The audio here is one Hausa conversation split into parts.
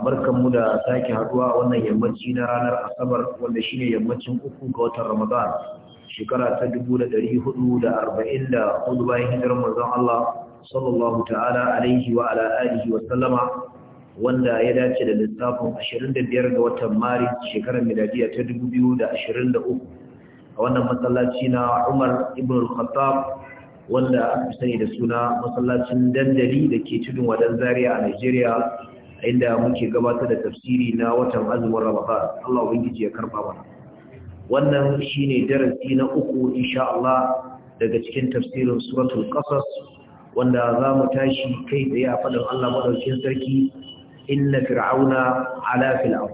mu da sake haduwa wannan yammaci na ranar asabar wanda shine yammacin uku ga watan ramadan shekara ta hudu bayan hijirar manzon Allah sallallahu ta'ala alaihi wa ala alihi wa sallama wanda ya dace da lissafin 25 ga watan maris shekarar miladiya ta 2023 a wannan masallaci na Umar ibn al-Khattab wanda aka sani da suna masallacin dandali da ke tudun wadan zaria a Najeriya inda muke gabatar da tafsiri na watan azumin Ramadan Allah ubangiji ya karba mana wannan shine darasi na uku insha Allah daga cikin tafsirin suratul qasas wanda za mu tashi kai da a fadin Allah madaukakin sarki inna fir'auna ala fil ard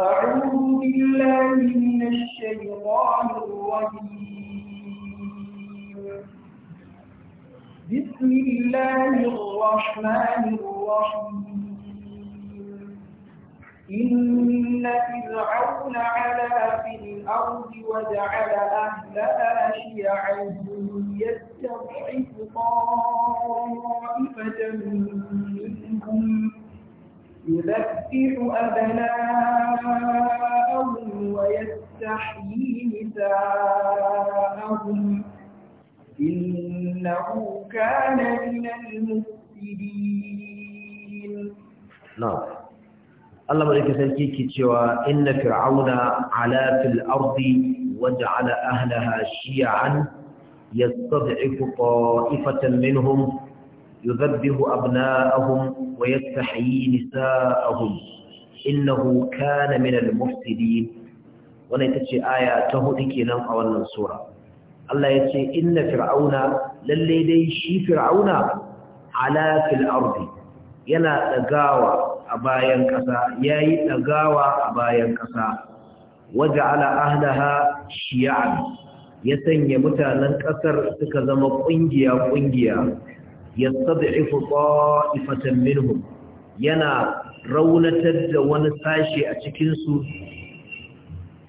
أعوذ بالله من الشيطان الرجيم بسم الله الرحمن الرحيم إن فرعون علا في الأرض وجعل أهلها شيعا يستضعف طائفة منهم يذبح أبناءهم ويستحيي نساءهم إنه كان من المفسدين نعم الله مريك سنكيكي تشوى إن فرعون علا في الأرض وجعل أهلها شيعا يستضعف طائفة منهم يذبه أبناءهم ويستحيي نساءهم إنه كان من المفسدين wannan ita ce aya ta hudu kenan a wannan sura Allah ya ce inna fir'auna lalle dai shi fir'auna ala fil ardi yana dagawa a bayan ƙasa yayi ɗagawa a bayan ƙasa waja'ala ahlaha Shi'an. ya sanya mutanen ƙasar suka zama ƙungiya ƙungiya yastad'ifu ta'ifatan minhum yana raunatar da wani sashi a cikin su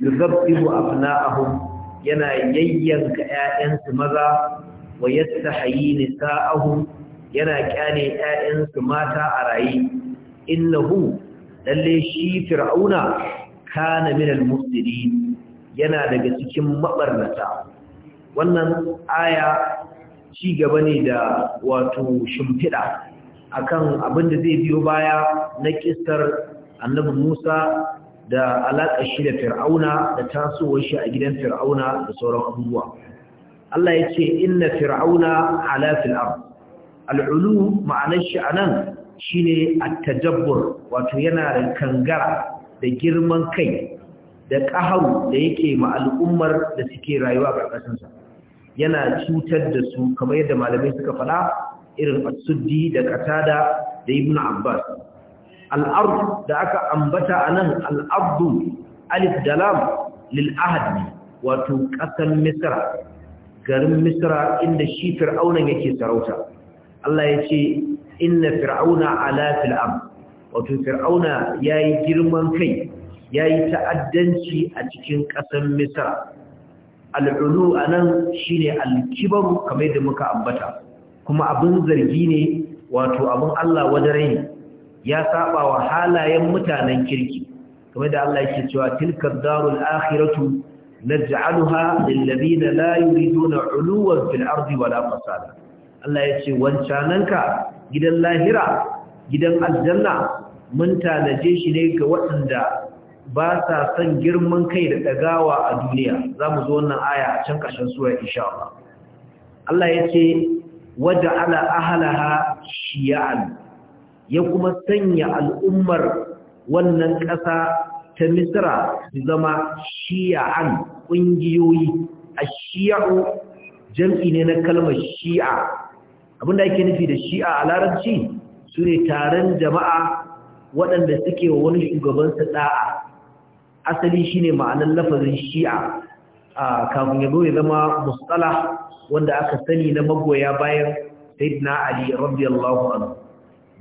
yuzabbihu abna'ahum yana yayyanka ‘ya'yansu maza wa yadda hayi nisa'ahu yana kyane ‘ya'yansu mata a raye, innahu lalle shi fir'auna kana minal musiri yana daga cikin maɓarnata. Wannan aya ci gaba ne da wato shimfiɗa akan abin da zai biyo baya na ƙistar annabi Musa da alaƙa shi da fir'auna da tasowar shi a gidan fir'auna da sauran abubuwa Allah ya ce inna fir'auna ala filam' al'ulu ma'anar shi a shi shine at-tajabbur wato yana da kangara da girman kai da ƙaharu da yake ma al'ummar da suke rayuwa a sa yana cutar da su kamar yadda malamai suka faɗa irin as-suddi da qatada da ibnu abbas al'ard da aka ambata a nan al'abdu alif dalam lil'ahad ne wato ƙasar misra garin misra inda shi fir'aunan yake sarauta Allah ya ce inna fir'auna ala fil'am wato fir'auna ya yi girman kai ya yi ta'addanci a cikin ƙasar misra al'ulu a nan shi ne alkibaru kamar da muka ambata kuma abin zargi ne wato abin Allah wadare ne ya saba wa halayen mutanen kirki kamar da Allah yake cewa tilkar darul akhiratu naj'aluha lil ladina la yuriduna 'uluwan fil ardi wala fasada Allah yace wancananka gidan lahira gidan aljanna mun tanaje shi ne ga waɗanda ba sa son girman kai da dagawa a duniya zamu zo wannan aya a can ƙarshen sura insha Allah Allah yace wada ala ahlaha shi'an ya kuma sanya al'ummar wannan ƙasa ta misra su zama shiya'an ƙungiyoyi a shiya'u jam'i ne na kalmar shi'a abinda ake nufi da shi'a a larabci su ne taron jama'a waɗanda suke wa wani shugabansa ɗa'a asali shi ne ma'anar lafazin shi'a a kafin yabo ya zama mustala wanda aka sani na magoya bayan sayyidina ali radiyallahu anhu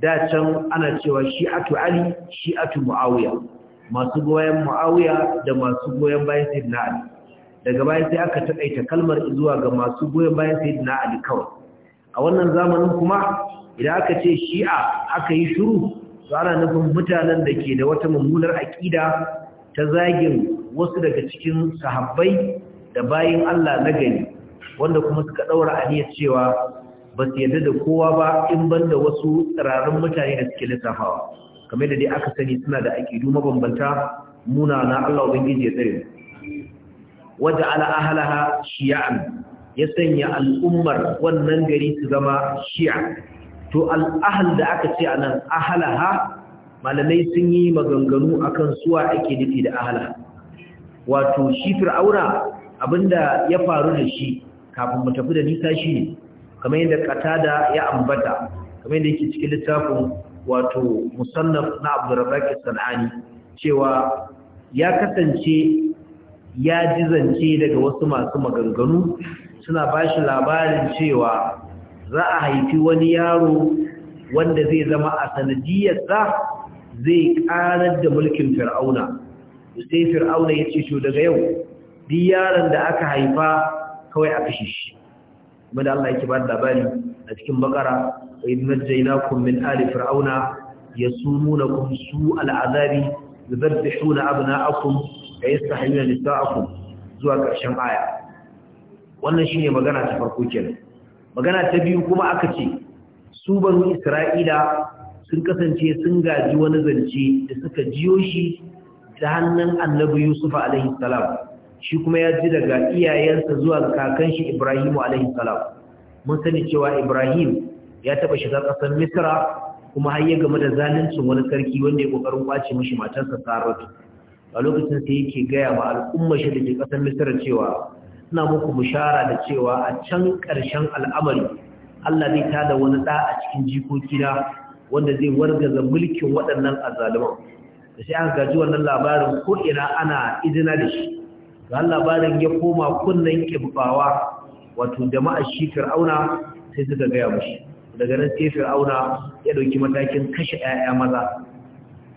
da can ana cewa shi shi'atu ali shi'atu muawiya masu goyen muawiya da masu goyen bayan sayyidina ali daga bayan sai aka takaita kalmar zuwa ga masu goyen bayan sayyidina ali kawai a wannan zamanin kuma idan aka ce shi'a aka yi shiru to ana nufin mutanen da ke da wata mummunar aƙida ta zagin wasu daga cikin sahabbai da bayin Allah na gani, wanda kuma suka daura aniyar cewa ba su yadda da kowa ba in banda wasu tsirarin mutane da suke lissafawa kamar da dai aka sani suna da aƙidu mabambanta muna na Allah ubangiji ya tsare wajen ala ahalaha shi'an ya sanya al'ummar wannan gari su zama shi'a to al'ahal da aka ce anan nan ahalaha malamai sun yi maganganu akan suwa ake nufi da ahalaha wato shi fir'auna abinda ya faru da shi kafin mu tafi da nisa shi ne kamar yadda katada ya ambata kamar yadda yake cikin littafin wato musannaf na Abdurrazzaq Sanani cewa ya kasance ya jizance daga wasu masu maganganu suna ba shi labarin cewa za a haifi wani yaro wanda zai zama a sanadiyar sanadiyarsa zai karar da mulkin fir'auna sai fir'auna ya ce to daga yau duk yaron da aka haifa kawai a kashe kuma da Allah yake ba labari a cikin bakara wa idh najaynakum min ali fir'auna yasumunakum su'al azabi yudhabbihuna abna'akum wa yastahyuna nisa'akum zuwa ƙarshen aya wannan shine magana ta farko kenan magana ta biyu kuma aka ce su banu isra'ila sun kasance sun gaji wani zance da suka jiyo shi ta hannun annabi yusuf alaihi salam shi kuma ya ji daga iyayensa zuwa kakan shi Ibrahimu alaihi salam mun sani cewa Ibrahim ya taba shiga kasar Misra kuma har ya game da zalunci wani sarki wanda ya kokarin kwace mishi matarsa Saratu a lokacin sai yake gaya ma al'umma shi da ke Misra cewa ina muku bishara da cewa a can ƙarshen al'amari Allah zai tada wani da a cikin jikokina wanda zai wargaza mulkin waɗannan azzaluman sai an gaji wannan labarin ko ina ana izina da shi ga labarin ya koma kunnan kibbawa wato jama'a shi fir'auna sai suka gaya mashi daga nan sai fir'auna ya dauki matakin kashe 'ya'ya maza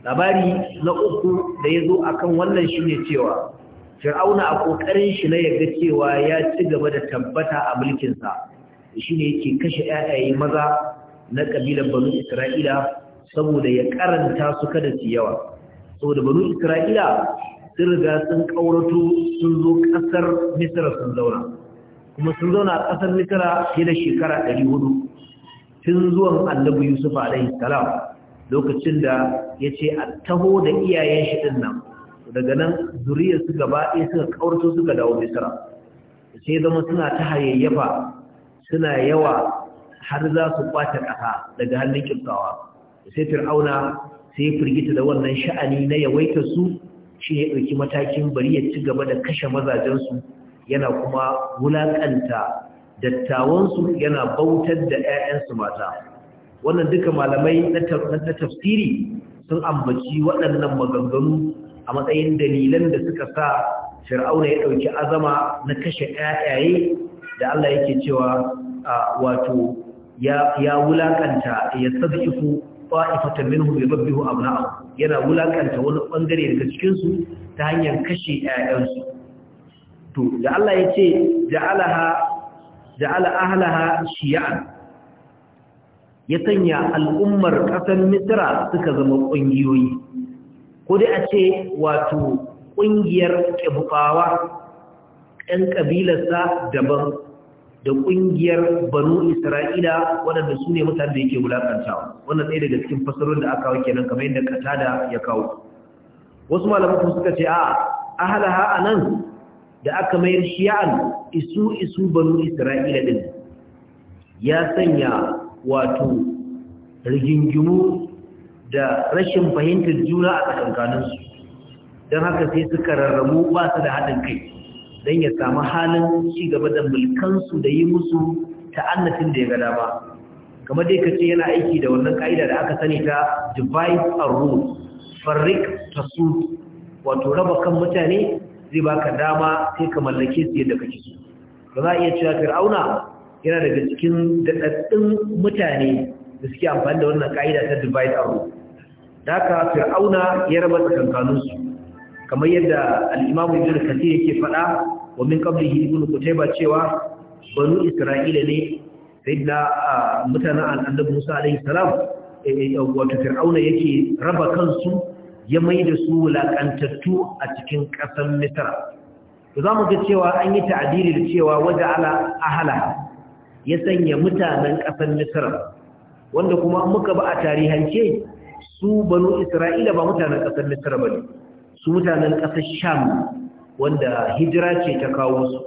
labari na uku da ya zo akan wannan shine cewa fir'auna a kokarin shi na yaga cewa ya ci gaba da tabbata a mulkinsa shine yake kashe 'ya'yaye maza na kabilar banu isra'ila saboda ya karanta su kada su yawa saboda banu isra'ila sun riga sun ƙaurato sun zo ƙasar misira sun zauna kuma sun zauna a ƙasar misira fiye da shekara 400 tun zuwan annabi yusuf alaihi salam lokacin da ya ce a taho da iyayen shi ɗin nan daga nan zuriyar su gaba ɗaya suka ƙaurato suka dawo misira sai zama suna ta hayayyafa suna yawa har za su kwace ƙasa daga hannun kirkawa sai fir'auna sai firgita da wannan sha'ani na yawaitar su shi ya ɗauki matakin bari ya ci gaba da kashe mazajensu yana kuma wulaƙanta dattawansu yana bautar da 'ya'yansu mata wannan duka malamai na tafsiri sun ambaci waɗannan maganganu a matsayin dalilan da suka sa fir'auna ya ɗauki azama na kashe 'ya'yaye da Allah yake cewa wato ya wulakanta ya sadifu fa'ifatan minhu bi rabbihu abna'u yana wulakanta wani bangare daga cikin su ta hanyar kashe 'ya'yansu. to da Allah yace ja'alaha ja'ala ahlaha shi'an ya sanya al'ummar ƙasar Misra suka zama ƙungiyoyi ko dai a ce wato ƙungiyar ƙibukawa ‘yan ƙabilarsa daban da ƙungiyar banu isra'ila waɗanda su ne mutane da yake wulakantawa wannan ɗaya daga cikin fasarar da aka wake nan kamar yadda katada ya kawo wasu kuma suka ce a ahalaha a nan da aka mayar shi'an isu isu banu isra'ila ɗin ya sanya wato rigingimu da rashin fahimtar juna a su, don haka sai suka rarramu ba su da haɗin kai don ya samu halin ci gaba da mulkansu da yi musu ta'annatin da ya gada ba kamar dai kace yana aiki da wannan ka'ida da aka sani ta divide and rule farrik tasud wato raba kan mutane zai baka dama sai ka mallake su yadda kake so ba za a iya cewa fir'auna yana daga cikin daɗaɗɗin mutane da suke amfani da wannan ka'ida ta divide and rule da aka fir'auna ya raba su kamar yadda al-Imam Ibn Kathir yake faɗa wa min qablihi Ibn Qutayba cewa banu Isra'ila ne Sai da mutanen annabi Musa alayhi salam eh, eh, eh, wato Fir'auna yake raba kansu ya mai da su wulaƙantattu a cikin ƙasar Misra to za mu ga cewa an yi ta'adili da cewa Ala Ahla ya sanya mutanen ƙasar Misra wanda kuma muka ba a tarihance su banu Isra'ila ba mutanen ƙasar Misra bane su mutanen ƙasar sham wanda hijira ce ta kawo su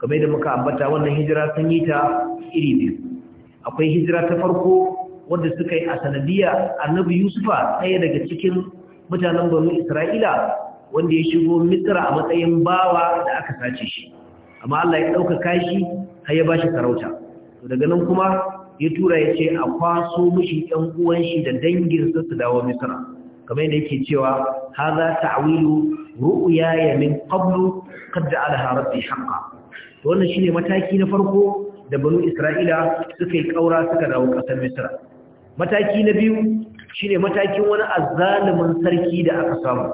game da muka ambata wannan hijira sun yi ta iri biyu akwai hijira ta farko wanda suka yi a sanadiyya annabi yusufa ɗaya daga cikin mutanen banu isra'ila wanda ya shigo misra a matsayin bawa da aka sace shi amma allah ya ɗaukaka shi har ya ba shi sarauta daga nan kuma ya tura ya ce a kwaso mushi ‘yan uwan shi da danginsa su dawo misra kamar yadda yake cewa hadha ta'wilu ya min qablu qad ja'alaha rabbi haqqan to wannan ne mataki na farko da banu Isra'ila suka yi kaura suka dawo ƙasar Misra mataki na biyu shine matakin wani azzalumin sarki da aka samu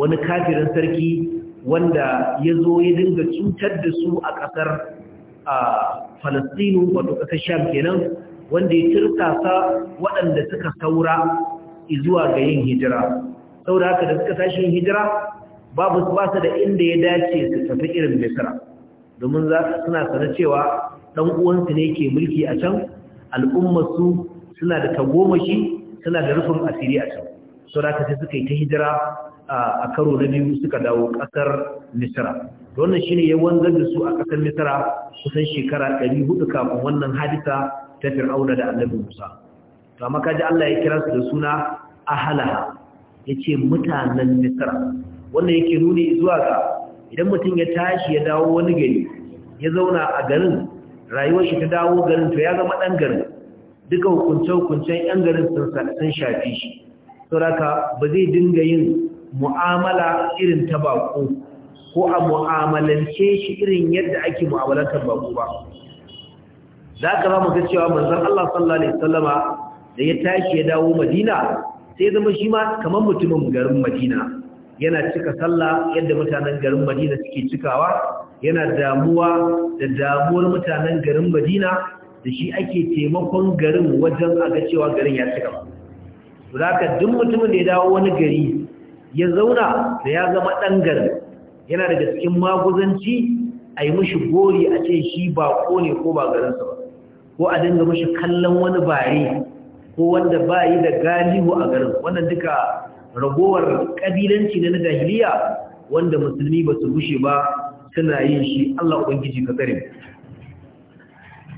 wani kafirin sarki wanda ya zo ya dinga cutar da su a ƙasar Falastinu wato ƙasar Sham kenan wanda ya turkasa waɗanda suka saura zuwa ga yin hijira saboda haka da suka tashi hijira babu ba su da inda ya dace su tafi irin misra domin za su suna sanar cewa ɗan uwansu ne ke mulki a can al'ummarsu suna da tagomashi suna da rufin asiri a can saboda haka sai suka yi ta hijira a karo na biyu suka dawo ƙasar misra wannan shine ya wanzar da su a ƙasar misra kusan shekara 400 kafin wannan hadisa ta fir'auna da annabi musa to amma kaji Allah ya kira su da suna ahalaha yace mutanen misra wannan yake nuni zuwa ga idan mutum ya tashi ya dawo wani gari ya zauna a garin rayuwar shi ta dawo garin to ya zama dan garin duka hukunce-hukuncen yan garin sun shafi shi saboda ba zai dinga yin mu'amala irin ta bako ko a mu'amalance shi irin yadda ake mu'amalantar bako ba za ka za mu ga cewa manzon Allah sallallahu alaihi wasallama da ya tashi ya dawo madina sai zama shi ma kamar mutumin garin madina yana cika sallah yadda mutanen garin madina suke cikawa yana damuwa da damuwar mutanen garin madina da shi ake taimakon garin wajen a ga cewa garin ya cika ba ka duk mutumin da ya dawo wani gari ya zauna da ya zama ɗan garin yana daga cikin maguzanci a yi mashi gori a ce shi ba ko ne ko ba garinsa ba ko a dinga mashi kallon wani bare ko wanda ba yi da galihu a garin wannan duka ragowar ƙabilanci na jahiliya wanda musulmi ba su gushe ba suna yin shi Allah ubangiji ka tsare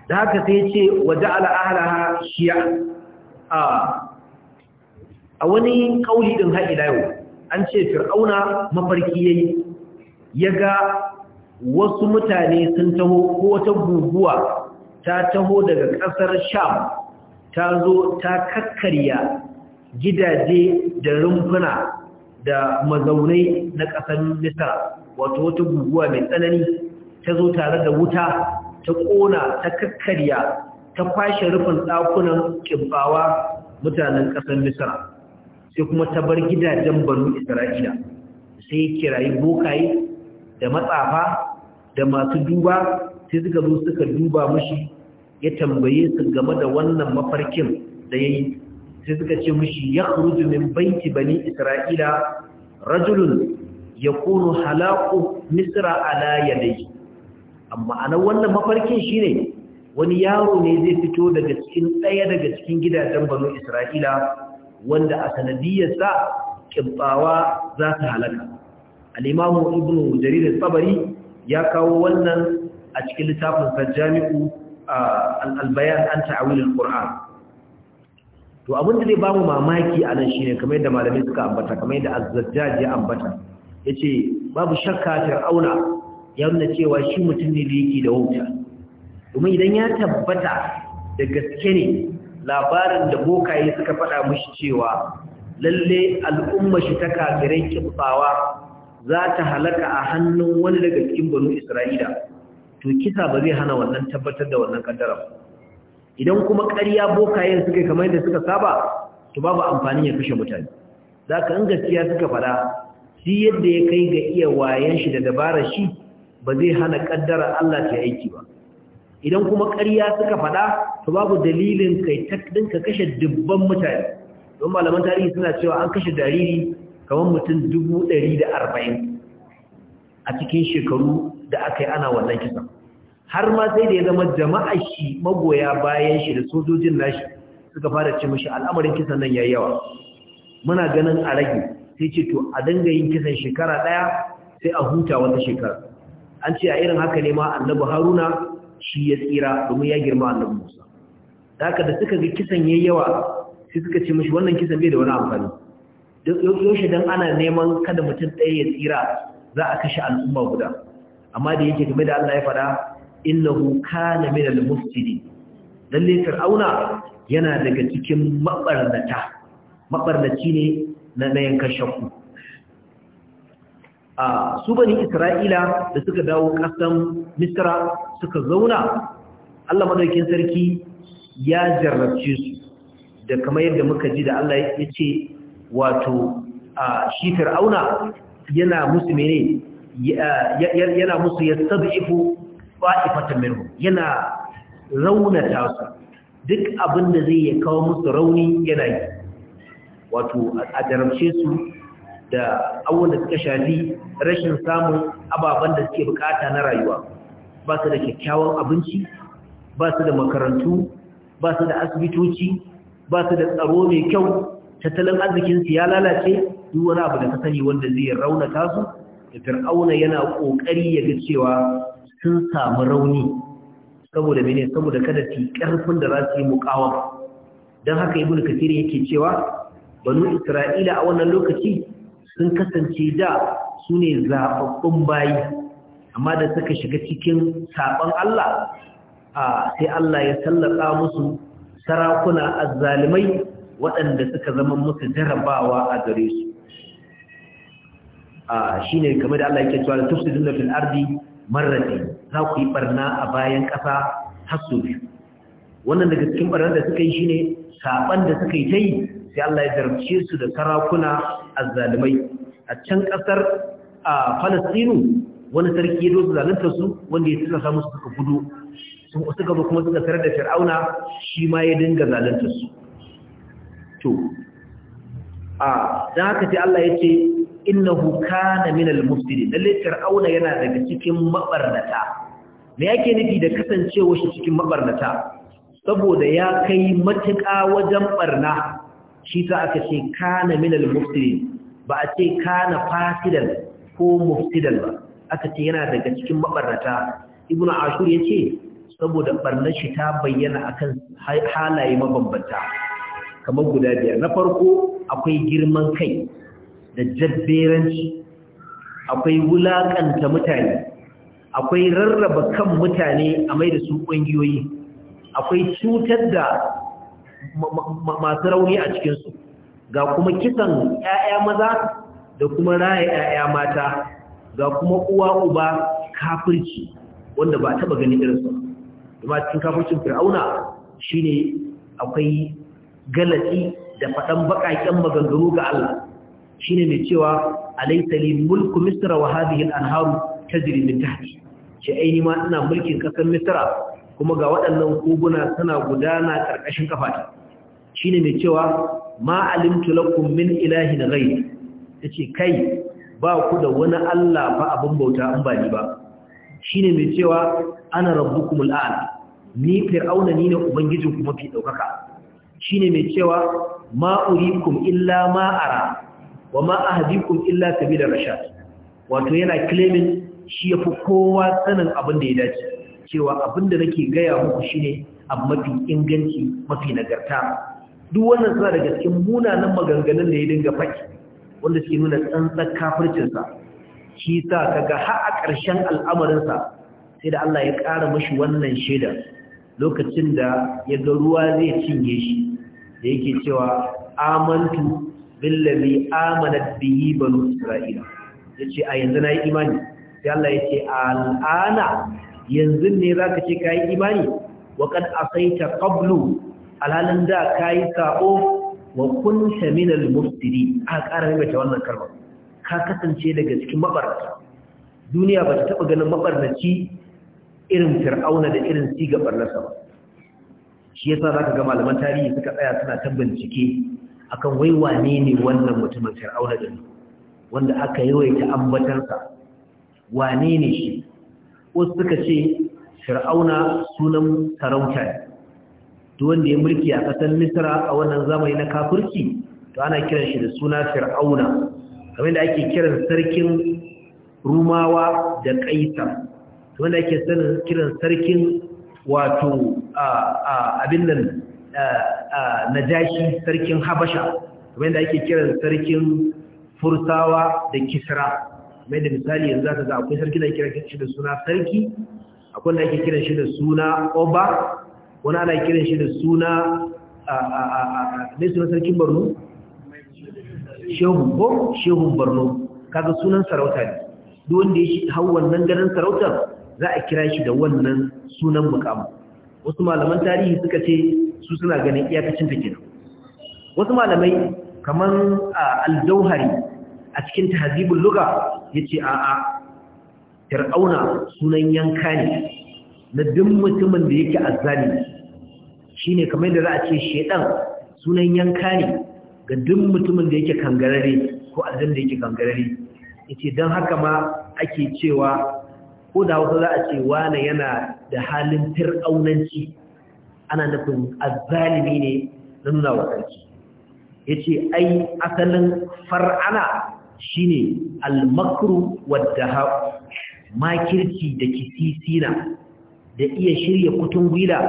da haka sai ce waje al'ahlaha shi'a a wani kauli din haɗi yau an ce fir'auna mafarki yayi ya ga wasu mutane sun taho ko wata guguwa ta taho daga ƙasar sham ta zo ta kakkarya gidaje da rumfuna da mazaunai na ƙasar misra wato wata guguwa mai tsanani ta zo tare da wuta ta ƙona ta kakkarya ta kwashe rufin ɗakunan ƙimbawa mutanen ƙasar misra sai kuma ta bar gidajen banu isra'ila sai kirayi bokaye da matsafa da masu duba sai suka zo suka duba mashi ya tambaye su game da wannan mafarkin da ya yi sai suka ce mushi ya kuruju min baiti bani isra'ila rajulun ya kunu halaku misra ala yadai amma ana wannan mafarkin shine wani yaro ne zai fito daga cikin ɗaya daga cikin gidajen banu isra'ila wanda a sanadiyarsa kimbawa za su halaka al'imamu ibn jarir tsabari ya kawo wannan a cikin littafin jami'u albayan an al ƙur'an to abin da zai ba mu mamaki a nan shine kamar yadda malami suka ambata kamar yadda azzajjaj ya ambata yace babu shakka fir'auna ya nuna cewa shi mutum ne da yake da wuta domin idan ya tabbata da gaske ne labarin da bokaye suka faɗa mishi cewa lalle al'umma shi ta kafirai kibbawa za ta halaka a hannun wani daga cikin banu isra'ila to kisa ba zai hana wannan tabbatar da wannan kaddara idan kuma ƙarya bokayen suka kamar da suka saba to babu amfani ya kashe mutane za ka in gaskiya suka fada shi yadda ya kai ga iya wayen shi da dabarar shi ba zai hana kaddara Allah ta aiki ba idan kuma ƙarya suka fada to babu dalilin kai ta ka kashe dubban mutane don malaman tarihi suna cewa an kashe jariri kamar mutum dubu ɗari da arba'in a cikin shekaru da aka yi ana wannan kisa. har ma sai da ya zama jama'a shi magoya bayan shi da sojojin nashi suka fara ce mashi al'amarin kisan nan yayi yawa muna ganin a rage sai ce to a dinga yin kisan shekara daya sai a huta wata shekara an ce a irin haka ne ma annabi haruna shi ya tsira domin ya girma annabi musa haka da suka ga kisan yayi yawa sai suka ce mashi wannan kisan bai da wani amfani yaushe dan ana neman kada mutum ɗaya ya tsira za a kashe al'umma guda amma da yake game da Allah ya fada innahu kana min al mufsidi lalle fir'auna yana daga cikin mabarnata mabarnaci ne na nayin kashaku a su bani isra'ila da suka dawo kasan misra suka zauna Allah madaukin sarki ya jarrabce su da kamar yadda muka ji da Allah ya ce wato shi fir'auna yana musu mene yana musu yastad'ifu fa'ifatan mai yana raunata su duk abin da zai kawo musu rauni yana yi wato a jaramce su da abubuwan da suka shafi rashin samun ababen da suke bukata na rayuwa ba su da kyakkyawan abinci ba su da makarantu ba su da asibitoci ba su da tsaro mai kyau tattalin arzikinsu ya lalace duk wani abu da ka sani wanda zai raunata su fir'auna yana kokari ya ga cewa sun samu rauni saboda mene saboda kada su karfin da za su yi muqawama dan haka ibnu kathir yake cewa banu isra'ila a wannan lokaci sun kasance da su ne zababbun bayi amma da suka shiga cikin sabon Allah sai Allah ya sallaka musu sarakuna azzalimai waɗanda suka zama musu jarabawa a gare su shi ne game da Allah yake cewa tufsiduna fil ardi marratayn za ku yi barna a bayan kasa hasu wannan daga cikin barnar da suka yi shi ne, saɓan da suka yi ta yi sai Allah ya zarce su da sarakuna azzalumai a can kasar a Falastinu wani sarki ya dozu zalunta su wanda ya tsaka musu suka gudu sun suka ba kuma suka tarar da Fir'auna shi ma ya dinga zalunta su to a dan haka sai Allah ya ce innahu kana min al-mufsidin lalle fir'auna yana daga cikin mabarnata me yake nufi da kasancewa shi cikin mabarnata saboda ya kai matuƙa wajen barna shi ta aka ce kana minal mufsidi ba a ce kana fasidan ko mufsidan ba aka ce yana daga cikin mabarnata ibnu ashur yace saboda barnar shi ta bayyana akan halaye mabambanta kamar guda biyar na farko akwai girman kai da jabberanci akwai wulaƙanta mutane akwai rarraba kan mutane a mai da su ƙungiyoyi akwai cutar da masu rauni a cikinsu ga kuma kisan 'ya'ya maza da kuma raya 'ya'ya mata ga kuma uwa uba kafirci wanda ba taɓa ganin irinsa kuma cikin kafircin fir'auna shine akwai galati da faɗan baƙaƙen maganganu ga Allah ne mai cewa alaysa li mulku misra wa hadhihi al-anharu ta min tahti ce aini ma ina mulkin kasar misra kuma ga waɗannan koguna suna gudana ƙarƙashin kafata ne mai cewa ma alimtu lakum min ilahin ghayr tace kai ba ku da wani Allah fa abin bauta an ba ni ba shine mai cewa ana rabbukumul a'la ni fir'auna ni ne ubangijin kuma fi shi ne mai cewa ma illa ma'ara. wa ma ahdikum illa sabila rashad wato yana claiming shi yafi kowa sanin abin da ya dace cewa abin da nake gaya muku shine abu mafi inganci mafi nagarta duk wannan suna daga cikin munanan maganganun da ya dinga faɗi wanda suke nuna tsantsar kafircinsa shi sa kaga har a ƙarshen al'amarinsa sai da Allah ya ƙara mashi wannan shaidar lokacin da ya ga ruwa zai cinye shi da yake cewa amantu billazi amanat bihi banu isra'ila yace a yanzu nayi imani sai Allah yace al'ana yanzu ne zaka ce kai imani wa qad asaita qablu alalan da kai sa'o wa kunta min al a ƙara mai ta wannan karba ka kasance daga cikin mabarata duniya ba ta taba ganin mabarnaci irin fir'auna da irin siga barnasa ba shi yasa zaka ga malaman tarihi suka tsaya suna ta bincike akan wai wane ne wannan mutumin fir'auna din wanda aka yawaita ambatansa wane ne shi wasu suka ce fir'auna sunan sarauta ne duk wanda ya mulki a ƙasar misra a wannan zamani na kafirci to ana kiran shi da suna fir'auna kamar da ake kiran sarkin rumawa da to wanda ake kiran sarkin wato abin nan najashi sarkin habasha wanda da ake kiran sarkin fursawa da kisra mai da misali yanzu zaka ga akwai sarki da ake kiran shi da suna sarki akwai da ake kiran shi da suna oba wani ana kiran shi da suna ne suna sarkin borno shehu ko shehun borno kaga sunan sarauta ne duk wanda ya hau wannan ganin sarautar za a kira shi da wannan sunan mukamu wasu malaman tarihi suka ce su suna ganin iyakacin ta kenan wasu malamai kamar al Aldauhari a cikin tahzibul lugha yace a'a fir'auna sunan yanka ne na duk mutumin da yake azzani shine kamar da za a ce shedan sunan yanka ne ga duk mutumin da yake kangarare ko aljan da yake kangarare yace dan haka ma ake cewa ko da hausa za a ce wane yana da halin fir'aunanci ana nufin azzalimi ne na nuna wa sarki ya ce ai asalin far'ana shine almakru wadda makirci da kisisina da iya shirya kutun gwila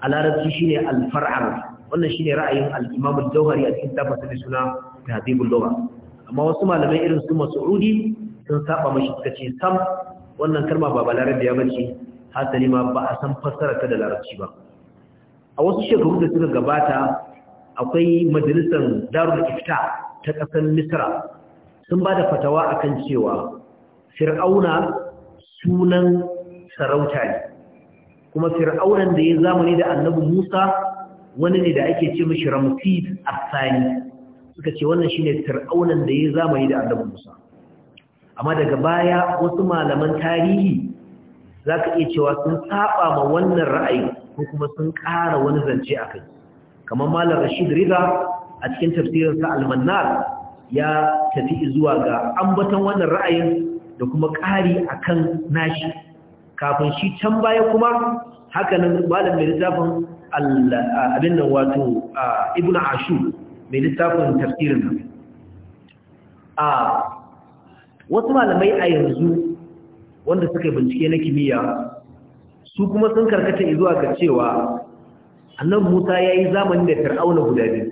a larabci shine alfar'ana wannan shine ra'ayin al jauhari a cikin da suna tahzibul lugha amma wasu malamai irin su mas'udi sun saba mashi suka ce sam wannan kalma ba balarabiya ba ce hasali ma ba a san fassara ta da larabci ba a wasu shekaru da suka gabata akwai majalisar darul ifta ta ƙasar misra sun ba da fatawa akan cewa fir'auna sunan sarauta ne kuma fir'aunan da ya zamani da annabi musa wani ne da ake ce mashi ramsid asani suka ce wannan shine fir'aunan da ya zamani da annabi musa amma daga baya wasu malaman tarihi za ka iya cewa sun saba ma wannan ra'ayi ko kuma sun ƙara wani zance a kai kamar malar rashid riga a cikin tafsirinsa almanar ya tafi zuwa ga ambaton wannan ra'ayin da kuma ƙari a kan nashi kafin shi can baya kuma hakanan malam mai littafin abin nan wato ibn ashu mai littafin tafsirin nan wasu malamai a yanzu wanda suka bincike na kimiyya su kuma sun karkata zuwa ga cewa annan musa ya yi zamani da fir'auna guda biyu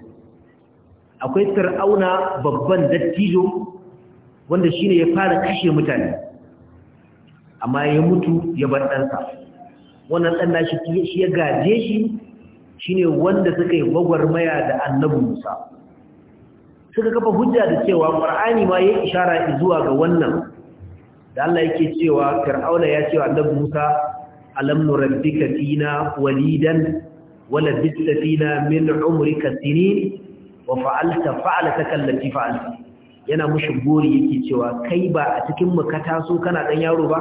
akwai fir'auna babban dattijo wanda shi ne ya fara kashe mutane amma ya mutu ya bar ɗansa wannan ɗan nashi shi ya gaje shi shi ne wanda suka yi gwagwarmaya da annabi musa suka kafa hujja da cewa qur'ani ma yi ishara zuwa ga wannan da Allah yake cewa fir'auna ya ce wa annabi Musa alam nurabbika fina walidan wala bitta fina min umrika sinin wa fa'alta fa'alataka allati fa'alta yana mushi gori yake cewa kai ba a cikin mu ka taso kana dan yaro ba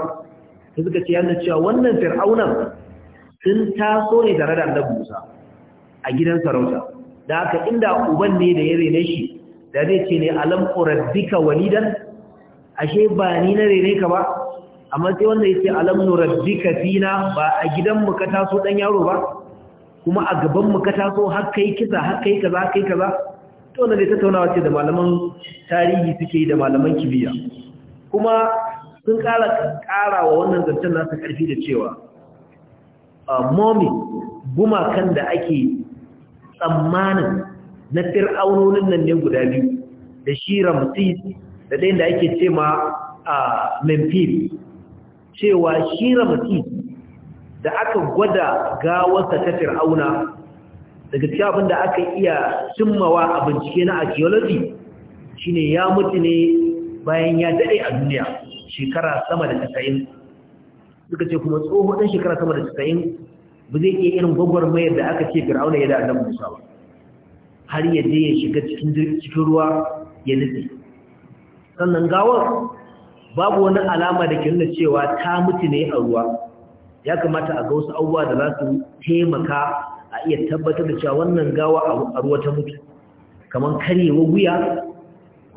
sai suka ce yana cewa wannan fir'aunan sun taso ne tare da annabi Musa a gidan sarauta da haka inda uban ne da ya rene shi da zai ce ne alam urabbika walidan ashe ba ni na rene ka ba amma sai wanda yace alam nurabbika fina ba a gidan mu ka taso dan yaro ba kuma a gaban mu ka taso har kai kisa har kai kaza har kai kaza to ne tattaunawa ce da malaman tarihi suke yi da malaman kibiya kuma sun kara kara wa wannan zancen nasu karfi da cewa momi gumakan da ake tsammanin na fir'aunonin nan ne guda biyu da shi ramsis da ɗayan da ake ce a memphis cewa shi ramsis da aka gwada gawarsa ta fir'auna daga cikin abin da aka iya cimmawa a bincike na archaeology shine ya mutu ne bayan ya daɗe a duniya shekara sama da 90 suka ce kuma tsohon shekara sama da 90 ba zai iya irin gwagwarmayar da aka ce fir'auna ya da annabi musa ba har ya je ya shiga cikin cikin ruwa ya nufi sannan gawar babu wani alama da ke nuna cewa ta mutu ne a ruwa ya kamata a ga wasu abubuwa da za su taimaka a iya tabbatar da cewa wannan gawa a ruwa ta mutu kamar karyewa wuya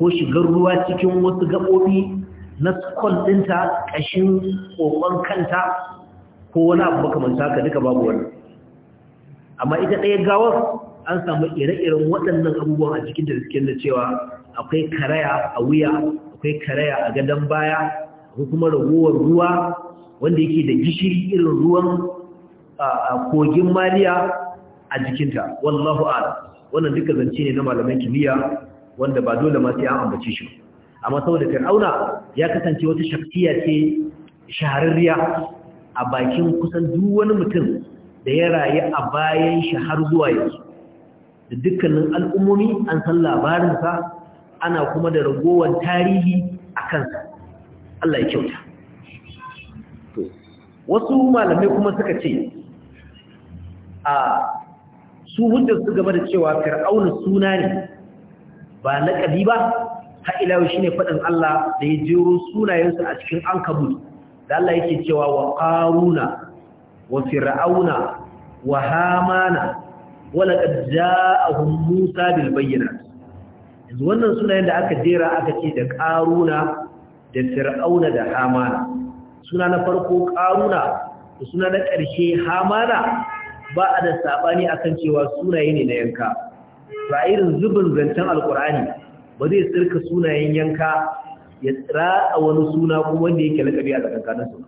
ko shigar ruwa cikin wasu gaɓoɓi na skol ɗinta ƙashin ƙoƙon kanta ko wani abu makamanta ka duka babu wani amma ita ɗaya gawar an samu ire-iren waɗannan abubuwan a cikin da suke da cewa akwai karaya a wuya akwai karaya a gadon baya ko kuma ragowar ruwa wanda yake da gishiri irin ruwan kogin maliya a jikinta wallahu ala wannan duka zance ne na malaman kimiyya wanda ba dole ma sai an ambace shi amma saboda fir'auna ya kasance wata shaktiya ce shahararriya a bakin kusan duk wani mutum da ya rayu a bayan shi har zuwa yanzu da dukkanin al'ummomi an san labarinsa ana kuma da ragowar tarihi a kansa Allah ya kyauta wasu malamai kuma suka ce a su hujjar su game da cewa fir'auna suna ne ba na ƙabi ba ha ilawi shi ne faɗin Allah da ya jero sunayensu a cikin an kabul da Allah yake cewa wa ƙaruna wa fir'auna wa hamana wala ja'ahun musa bil bayyana yanzu wannan sunayen da aka jera aka ce da ƙaruna da fir'auna da hamana suna na farko ƙaruna da suna na ƙarshe hamana ba a da saɓani akan cewa sunaye ne na yanka ba irin zubin zancen alƙur'ani ba zai sirka sunayen yanka ya tsira a wani suna kuma wanda yake lakabi a su,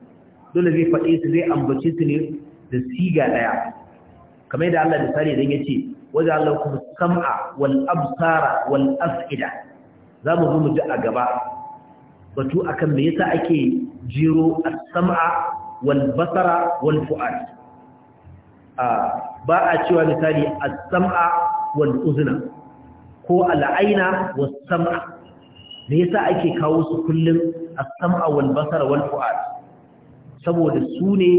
dole zai faɗe su zai ambace su ne da siga ɗaya kamar yadda Allah misali idan ya ce, Allah kuma sam'a wal absara wal afida za mu zo mu ji a gaba batu akan me yasa ake jiro as-sam'a wal basara wal fu'ad ba a cewa misali as-sam'a wal uzna ko al'aina was sam'a me yasa ake kawo su kullum as-sam'a wal basara wal fu'ad saboda su ne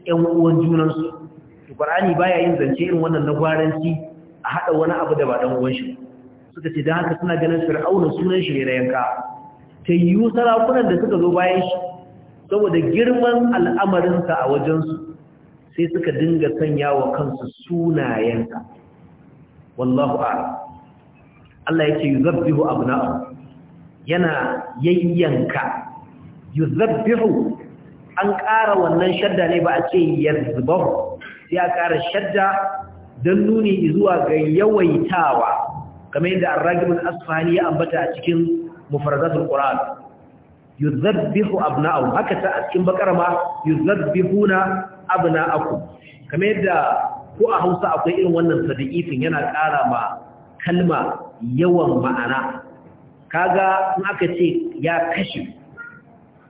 ƴan uwan junansu ba baya yin zance irin wannan na gwaranci a haɗa wani abu da ba dan uwanshi. suka ce dan haka suna ganin Fir'auna sunan shi ne na yanka tayyu sarakunan da suka zo bayan shi saboda girman al'amarinsa a wajen sai suka dinga sanya wa kansu sunayenka wallahu a'lam Allah yake yuzabbihu abna'ahu yana yayyanka yuzabbihu an ƙara wannan shadda ne ba a ce yazbahu sai a ƙara shadda don nuni zuwa ga yawaitawa kamar yadda arragibin asfani ya ambata a cikin mufarzatul qur'an yuzabbihu abna'u haka ta a cikin bakara ma yuzabbihuna abna'akum kamar yadda ko a Hausa akwai irin wannan sadiqifin yana ƙara ma kalma yawan ma'ana kaga in aka ce ya kashi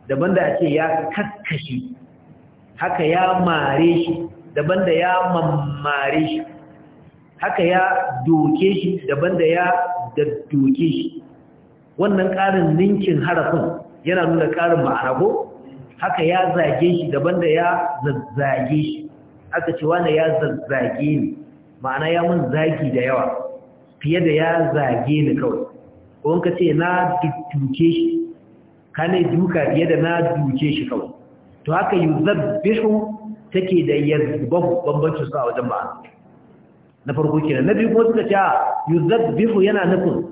daban da a ce ya kakkashi haka ya mare shi daban da ya mammare shi haka ya doke shi daban da ya daddoke shi wannan ƙarin ninkin harafin yana nuna ƙarin ko haka ya zage shi daban da ya zazzage shi aka ce na ya zazzage ni ma'ana ya mun zagi da yawa fiye da ya zage ni kawai ko ka ce na duke shi kane duka fiye da na duke shi kawai to haka yuzabbihu take da yazbahu su a wajen ba na farko kenan na biyu ko suka ce yuzabbihu yana nufin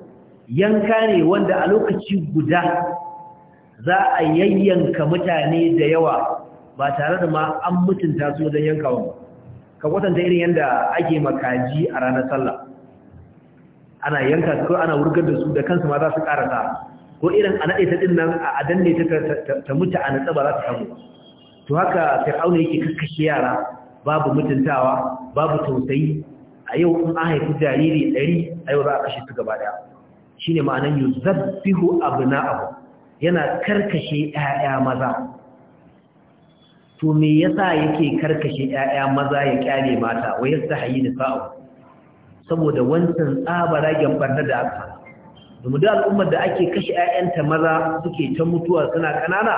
yanka ne wanda a lokaci guda za a yayyanka mutane da yawa ba tare da ma an mutunta su wajen yankawa ba ka kwatanta irin yadda ake makaji a ranar sallah ana yanka ko ana wurgar da su da kansu ma za su karasa ko irin a naɗe ta ɗin nan a danne ta mutu a natsa ba za ta samu to haka fir'auna yake kakkashi yara babu mutuntawa babu tausayi a yau in an haifi jariri ɗari a yau za a kashe su gaba ɗaya shi ne ma'anan yi zabbihu abu na abu yana karkashe ‘ya'ya maza to me yasa yake karkashe ‘ya'ya maza ya ƙyale mata wa yasta hayi da sa'o saboda wancan tsabara gyambarna da aka domin da al'ummar da ake kashe ‘ya'yanta maza suke ta mutuwa suna ƙanana